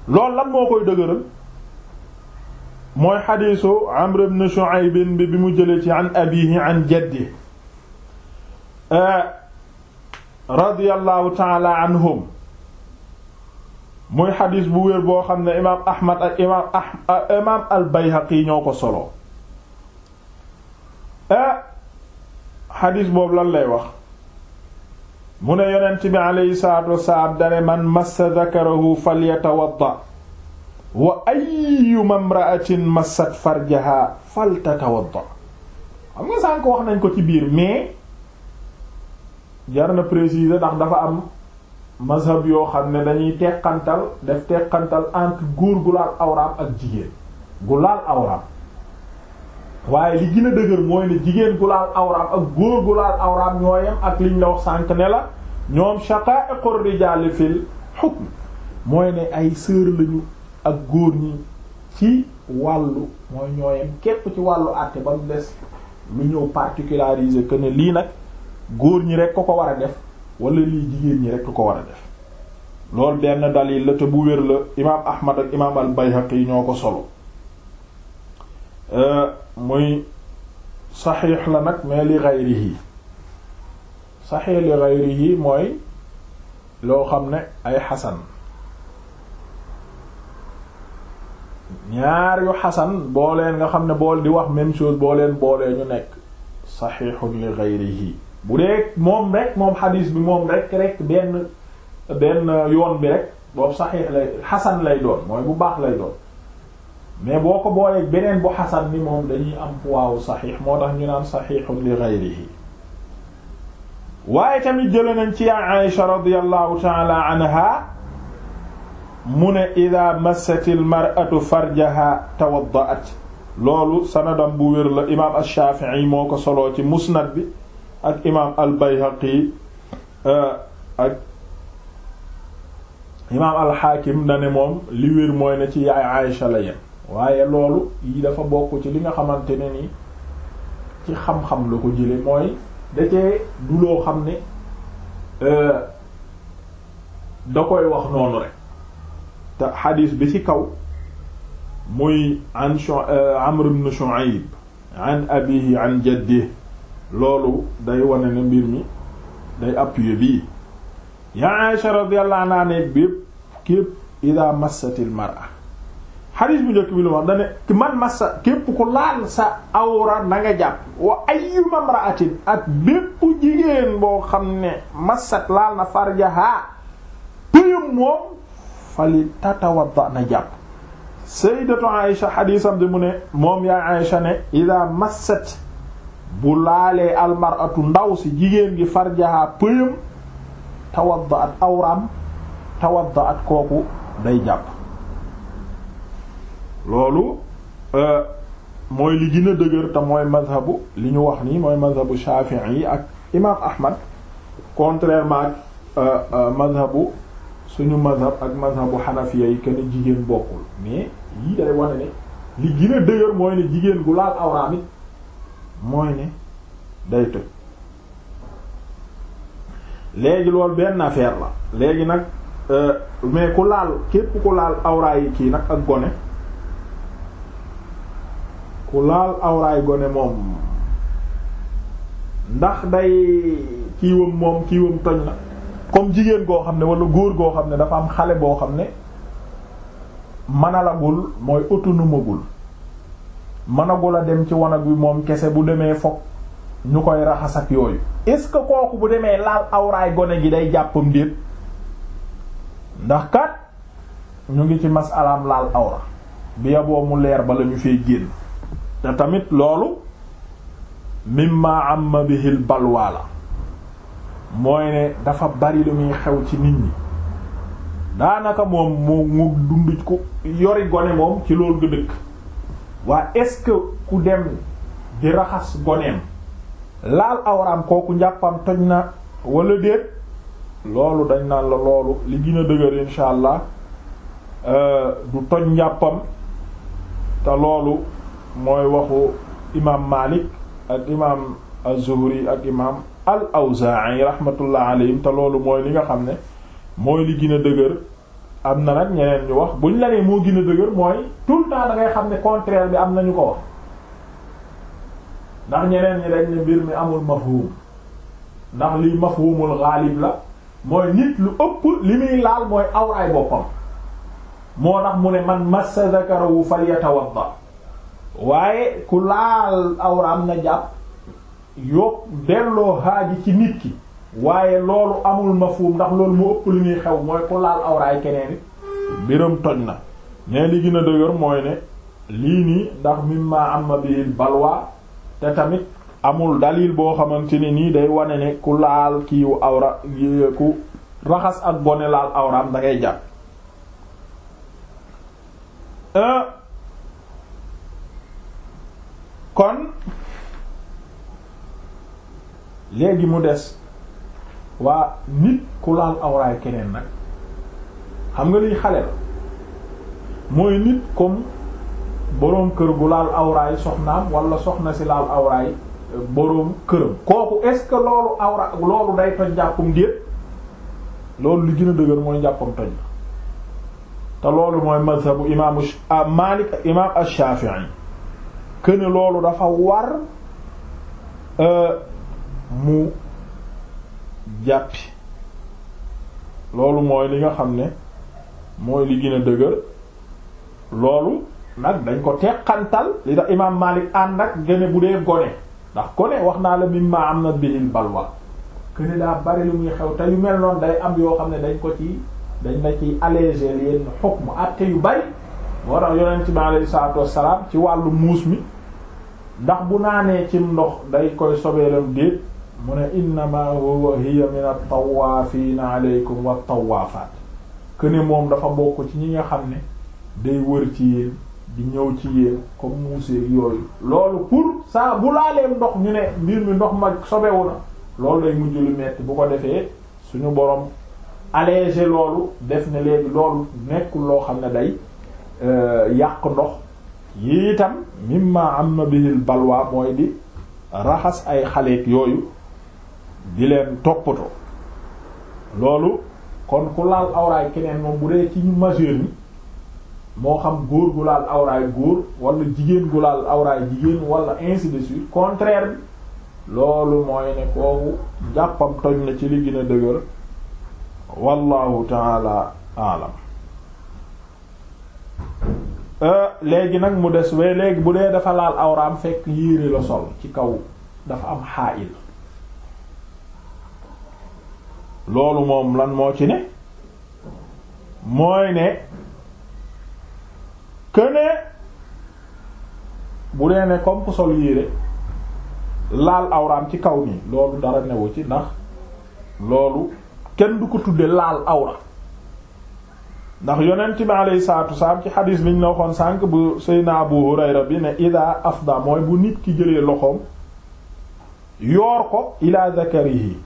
loolu lan moo koy dëgëral mooy xadiisu Amr ibn Shu'ayb bi bi mu jëlee ci an abiihi an jaddi radiyallahu taala anhum mooy xadiis bu wér boo xam ne imaam Ahmad ak imaam ah imaam al-Bayhaqi ñoo ko solo ah xadiis boobu lan lay wax. mu ne yonent bi aleyhi salaatu wasalaam dane man massa dakarahu falyatawadda wa ayyuma imra'atin massat farjaha faltatawadda xam nga sànk wax nañ ko ci biir mais jar na préciser ndax dafa am mazhab yoo xam ne dañuy teqantal def teqantal entre góor gu laal awraam ak jigéen gu laal awraam waaye li gën a dëgër mooy ne jigéen gu laal awraam ak góor gu laal awraam ñoo ak liñ la wax ne la ñoom shaqa'iqur rijal fil hukm mooy ne ay sœur lañu ak góor ñi ci wàllu mooy ñoo yem képp ci wàllu àtte ba mu des lu ñëw particularisé que ne lii nag góor ñi rek ko ko war a def wala lii jigéen ñi rekk ko ko war a def loolu benn dalil la te bu wér la imaam Ahmad ak imaam al ñoo ko solo. Euh, muy saxiix la nag mais li gayrihi saxiix li gayrihi mooy loo xam ne ay xasan ñaar yu xasan boo leen nga xam ne bool di wax même chose boo leen boolee ñu nekk saxiixun li gayrihi bu dee moom rek moom xadiis bi moom rek rek benn benn yoon bi rek boobu saxiix lay xasan lay doon mooy bu baax lay doon mais boo ko boolee beneen bu xasan ni moom dañuy am poids saxiix moo tax ñu naan saxiixun li gayrihi waaye tamit jële nañ ci yaa Aysha radiyallahu ta'ala anha mu ne ida massat al mar'atu farjaha tawadda'at loolu sanadam bu wér la imaam ash-Shafi'i moo ko soloo ci musnad bi ak imaam al-Bayhaqi eh, ak imaam al-Hakim na ne moom li wér mooy ne ci yaay Aysha la yem waaye loolu lii dafa bokk ci li nga xamante ne ni ci xam-xam la ko jële mooy dacee du loo xam ne euh, da koy wax noonu rek te xadiis bi ci kaw muy an euh, Amr ibn Shu'ayb an abihi an jaddihi loolu day wane ne mbir mi day appuyer bii ya Aisha radiyallahu anha ne bépp képp ida massatil mar'a xadis bu njëkk bi lu wax dane man massa képp ku laal sa awra na jàpp wa ayyuma imra'atin ak bépp jigéen boo xam ne massat laal na farjaha pëyam moom fali tatawadda na jàpp sayyidatu Aïsha xadisam di mu ne moom yaay Aïsha ne ida massat bu laalee almaratu ndaw si jigéen gi farjaha pëyam tawadda at awraam tawadda at kooku day jàpp loolu euh, mooy li gën a dëgër te mooy mazhabu li ñu wax nii mooy mazhabu Shafi'i yi ak imaam Ahmad contrairement ak euh, euh, mazhabu suñu mazhab ak mazhabu xanafiya yi que jigéen bokkul mais yii day wane ne li gën a dëgër mooy ne jigéen gu laal awraam it mooy ne day toj léegi loolu benn affaire la léegi nag mais ku laal képp ku laal awraa yi kii nag ak gone ku laal awraay gone moom ndax day kiiwam moom kiiwam toñ na comme jigéen goo xam ne wala góor goo xam ne dafa am xale boo xam ne mënalagul mooy autonomagul mënagul a dem ci wanag wi moom kese bu demee fokk ñu koy raxas ak yooyu est-ce que kooku bu demee laal awraay gone gi day jàppam déet ndax kat ñu ngi ci masalaam laal awra bi yaboo mu leer bala ñu fee génn te tamit loolu mimma amma bihil balwaa la mooy ne dafa bari lu muy xew ci nit ñi daanaka moom moo mu dund ku yori gone moom ci loolu nga dëkk waa est-ce que ku dem di raxas goneem laal awraam kooku njàppam toj na wala déet loolu dañ naan la loolu li gën dëgër insha allah euh, du toj njàppam te loolu mooy waxu imaam Malik ak imaam az-Zuhri ak imaam al-Awzaa'i rahmatullah alayhim te loolu mooy li nga xam ne mooy li gën a dëgër am na nag ñeneen ñu wax buñ la nee moo gën a dëgër mooy tout le temps da ngay xam ne contraire bi am nañu ko wax ndax ñeneen ñi dañ ne mbir mi amul mafhum ndax li mafhumul ghalib la mooy nit lu ëpp li muy laal mooy awraay boppam moo tax mu ne man massa fay falyatawadda waaye ku laal awraam na jàpp yóbbu delloo xaaji ci nit ki waaye loolu amul mafhum ndax loolu mu ëpp li ñuy xew mooy ku laal awraay keneen it mbiram toj na ne li gën a dëgër mooy ne lii nii ndax mimma amma bil balwa te tamit amul dalil boo xamante ne nii day wane ne ku laal kiiwu awra ku raxas ak bone laal awraam da jàpp euh, kon léegi mu des waa nit ku laal awraay keneen nag xam nga liy xale la mooy nit comme boroom kër gu laal awraay soxnaam wala soxna si laal awraay euh, borom këram kooku est-ce que loolu awra loolu day toj njàppum déet loolu li gën a dëgër mooy njàppam toj te loolu mooy mazhabu imaamu ah, Maalik imaam Shaafi'i këne loolu dafa war euh, mu jàppi loolu mooy li nga xam ne mooy li gën a dëgër loolu nag dañ ko teqantal li tax imaam Maalik ànd ak gëne bu dee gone ndax gone wax naa la mim maa am na bihil balwa këne daa bari lu muy xew te yu mel noonu day am yoo xam ne dañ ko ci dañ la ci alléger yenn xukm àtte yu bari moo tax yonent bi alayhi salaatu wassalaam ci wàllu muus mi ndax bu naanee cim ndox day koy sobeelam déet mu ne innama huwa hiya min at-tawaafiina aleykum wat-tawaafaat këne moom dafa bokk ci ñi nga xam ne day wër ci yéen di ñëw ci yéen comme muus yooyu loolu pour saa bu laalee ndox ñu ne mbir mi ndox ma sobewu na loolu day mujj lu metti bu ko defee suñu boroom allégé loolu def ne léegi loolu nekkul loo xam ne day Euh, yàq ndox yi itam am na bihil balwa mooy di raxas ay xaleek yooyu di leen toppatoo loolu kon ku laal awraay keneen moom bu dee ci ñu majeur moo xam góor gu laal awraay góor walla jigéen gu laal awraay jigéen wala ainsi de suite contraire bi loolu mooy ne kooku jàppam toj na ci li gën a dëgër wallahu taala alam Euh, léegi nag mu des waaye léegi bu dee dafa laal awraam fekk yéere la sol ci kaw dafa am xaayil loolu moom lan moo ci ne mooy ne këne bu dee ne comme ku sol yéere laal awraam ci kaw nii loolu dara newu ci ndax loolu kenn du ko tudde laal awra ndax yonent bi alayhi salaatu wasalaam ci xadis bi ñu la sànq bu Seydina Abu Hurayra bi ne ida afda mooy bu nit ki jëlee loxoom yoor ko ila zakarihi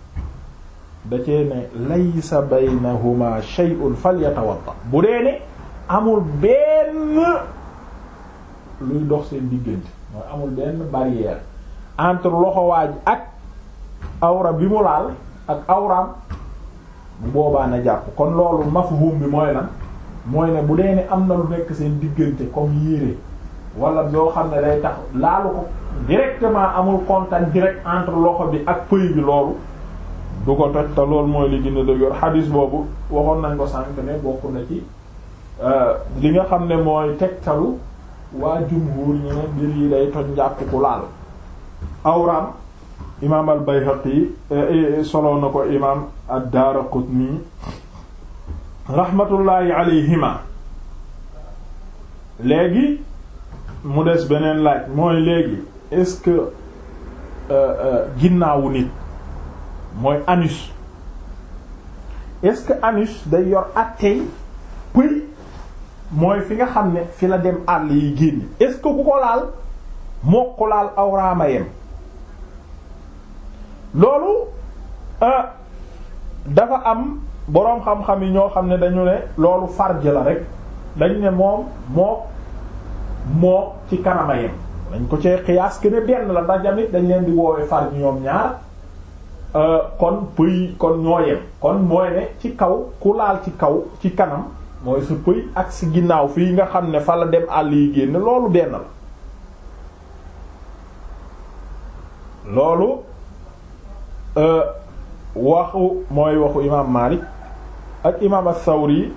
da cee ne laysa baynahuma shay'un falyatawadda bu dee ne amul benn luy dox seen diggante mooy amul benn barrière entre loxo waaj ak awra bi mu laal ak awraam boobaa na jàpp kon loolu mafhum bi mooy lan mooy ne bu dee ne am na lu nekk seen diggante comme yére wala yoo xam ne day tax laalu ko directement amul contact direct entre loxo bi ak pëy bi loolu du ko toj te loolu mooy li gën a dëgër xadis boobu waxoon nañ ko sànq ne bokk na ci euh, li nga xam ne mooy tegtalu waa jumhur ñu ne mbir yi day toj njàpp ku laal awraam imaam al yi euh, euh, solo na ko imaam ad-Daraqutni raxmatullaahi alayhima léegi mu des beneen laaj mooy léegi est-ce que euh, euh, ginnaawu nit mooy anus est-ce que anus day yor attey pëy mooy fi nga xam ne fi la dem àll yi génn est-ce que ku ko laal moo ko laal awraama yem loolu euh, dafa am boroom xam-xam yi ñoo xam ne dañu ne loolu farj la rek dañ ne moom moo moo ci kanama yem dañ ko cee xiyaas ne benn la ndax dañ leen di woowee farj ñoom ñaar euh, kon pëy kon ñoo yem kon mooy ne ci kaw ku laal ci kaw ci kanam mooy sa pëy ak si ginnaaw fii nga xam ne fa la dem àll yi génn loolu benn la loolu euh, waxu mooy waxu imaam Maalik ak imaam as-Sawri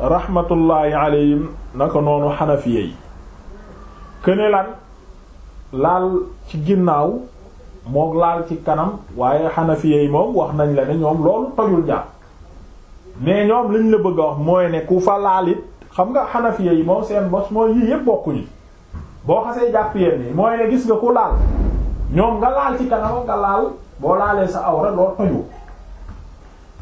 rahmatullahi alayhim naka noonu xanafiya yi këne laal ci ginnaaw mook laal ci kanam waaye xanafiya yi moom wax nañ la ne ñoom loolu tojul jàpp mais ñoom lañ la bëgg a wax mooy ne ku fa laalit xam nga xanafiya yi moo seen bos mooy yii yépp bokkuñu boo xasee jàpp yenn yi mooy ne gis nga ku laal ñoom nga laal ci kanam nga laal boo laalee sa awra doo toju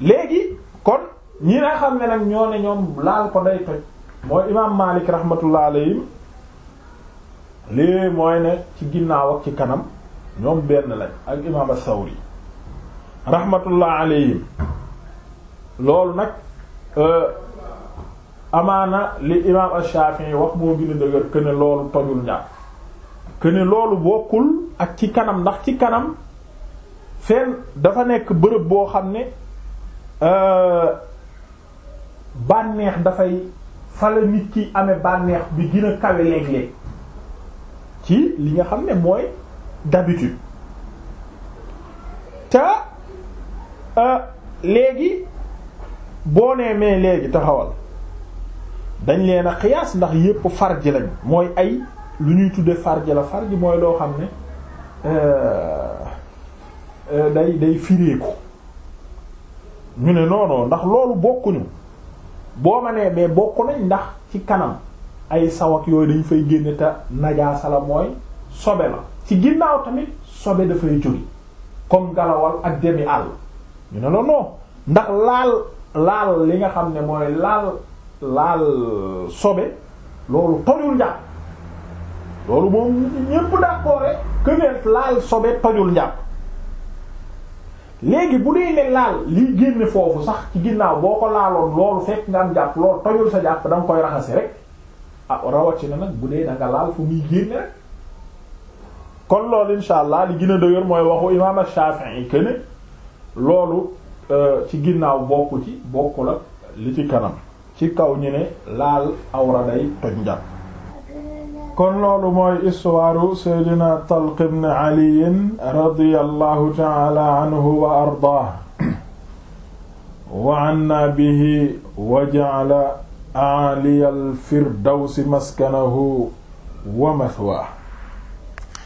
léegi kon ñi nga xam ne nag ñoo ne ñoom laal ko day toj mooy imaam Maalik rahmatullah alayhi lii mooy ne ci ginnaaw ak ci kanam ñoom benn lañ ak imaam as-Sawri rahmatullah alayhim loolu nag euh, amaana li imaam Ash-Shafi'i wax moo gën a dëgër que loolu tojul ñaar que loolu bokkul ak ci kanam ndax ci kanam fenn dafa nekk bërëb boo xam ne euh, bànneex dafay fala nit ki amee bànneex bi gën a kawe léeg-léeg ci li nga xam ne mooy d'habitude te euh, léegi boo nee mais léegi taxawal dañ leen a xiyaas ndax yépp farj lañ mooy ay lu ñuy tudde farj la farj mooy loo xam ne euh, Euh, day day fireeku ñu ne non ndax loolu bokkuñu boo ma nee mais bokku nañ ndax ci kanam ay sawak yooyu dañ fay génne te najaasa la mooy sobe la ci ginnaaw tamit sobe dafay jóge comme galawal ak demi àll ñu ne la non ndax laal laal li nga xam ne mooy laal laal sobe loolu tojul njàpp loolu moom ñépp d'accord que ne laal sobe tojul njàpp léegi bu dee ne laal liy génne foofu sax ci ginnaaw boo ko laaloon loolu fekk nga am jàpp loolu tojul sa jàpp da nga koy raxasi rek ah rawatina nag bu dee da nga laal fu muy génne rek kon loolu insha allah li gën dëgër mooy waxu imaam Shafi'i que ne loolu euh, ci ginnaaw bokku ci bokkul ak li ci kanam ci kaw ñu ne laal awra day toj njàpp kon loolu mooy istuwaaru seydina Talq ibn Ali radiyallahu ta'ala anhu wa ardaah wa anna bihi wa ja'ala a'aliyal firdawsi maskanahu wa mathwaahu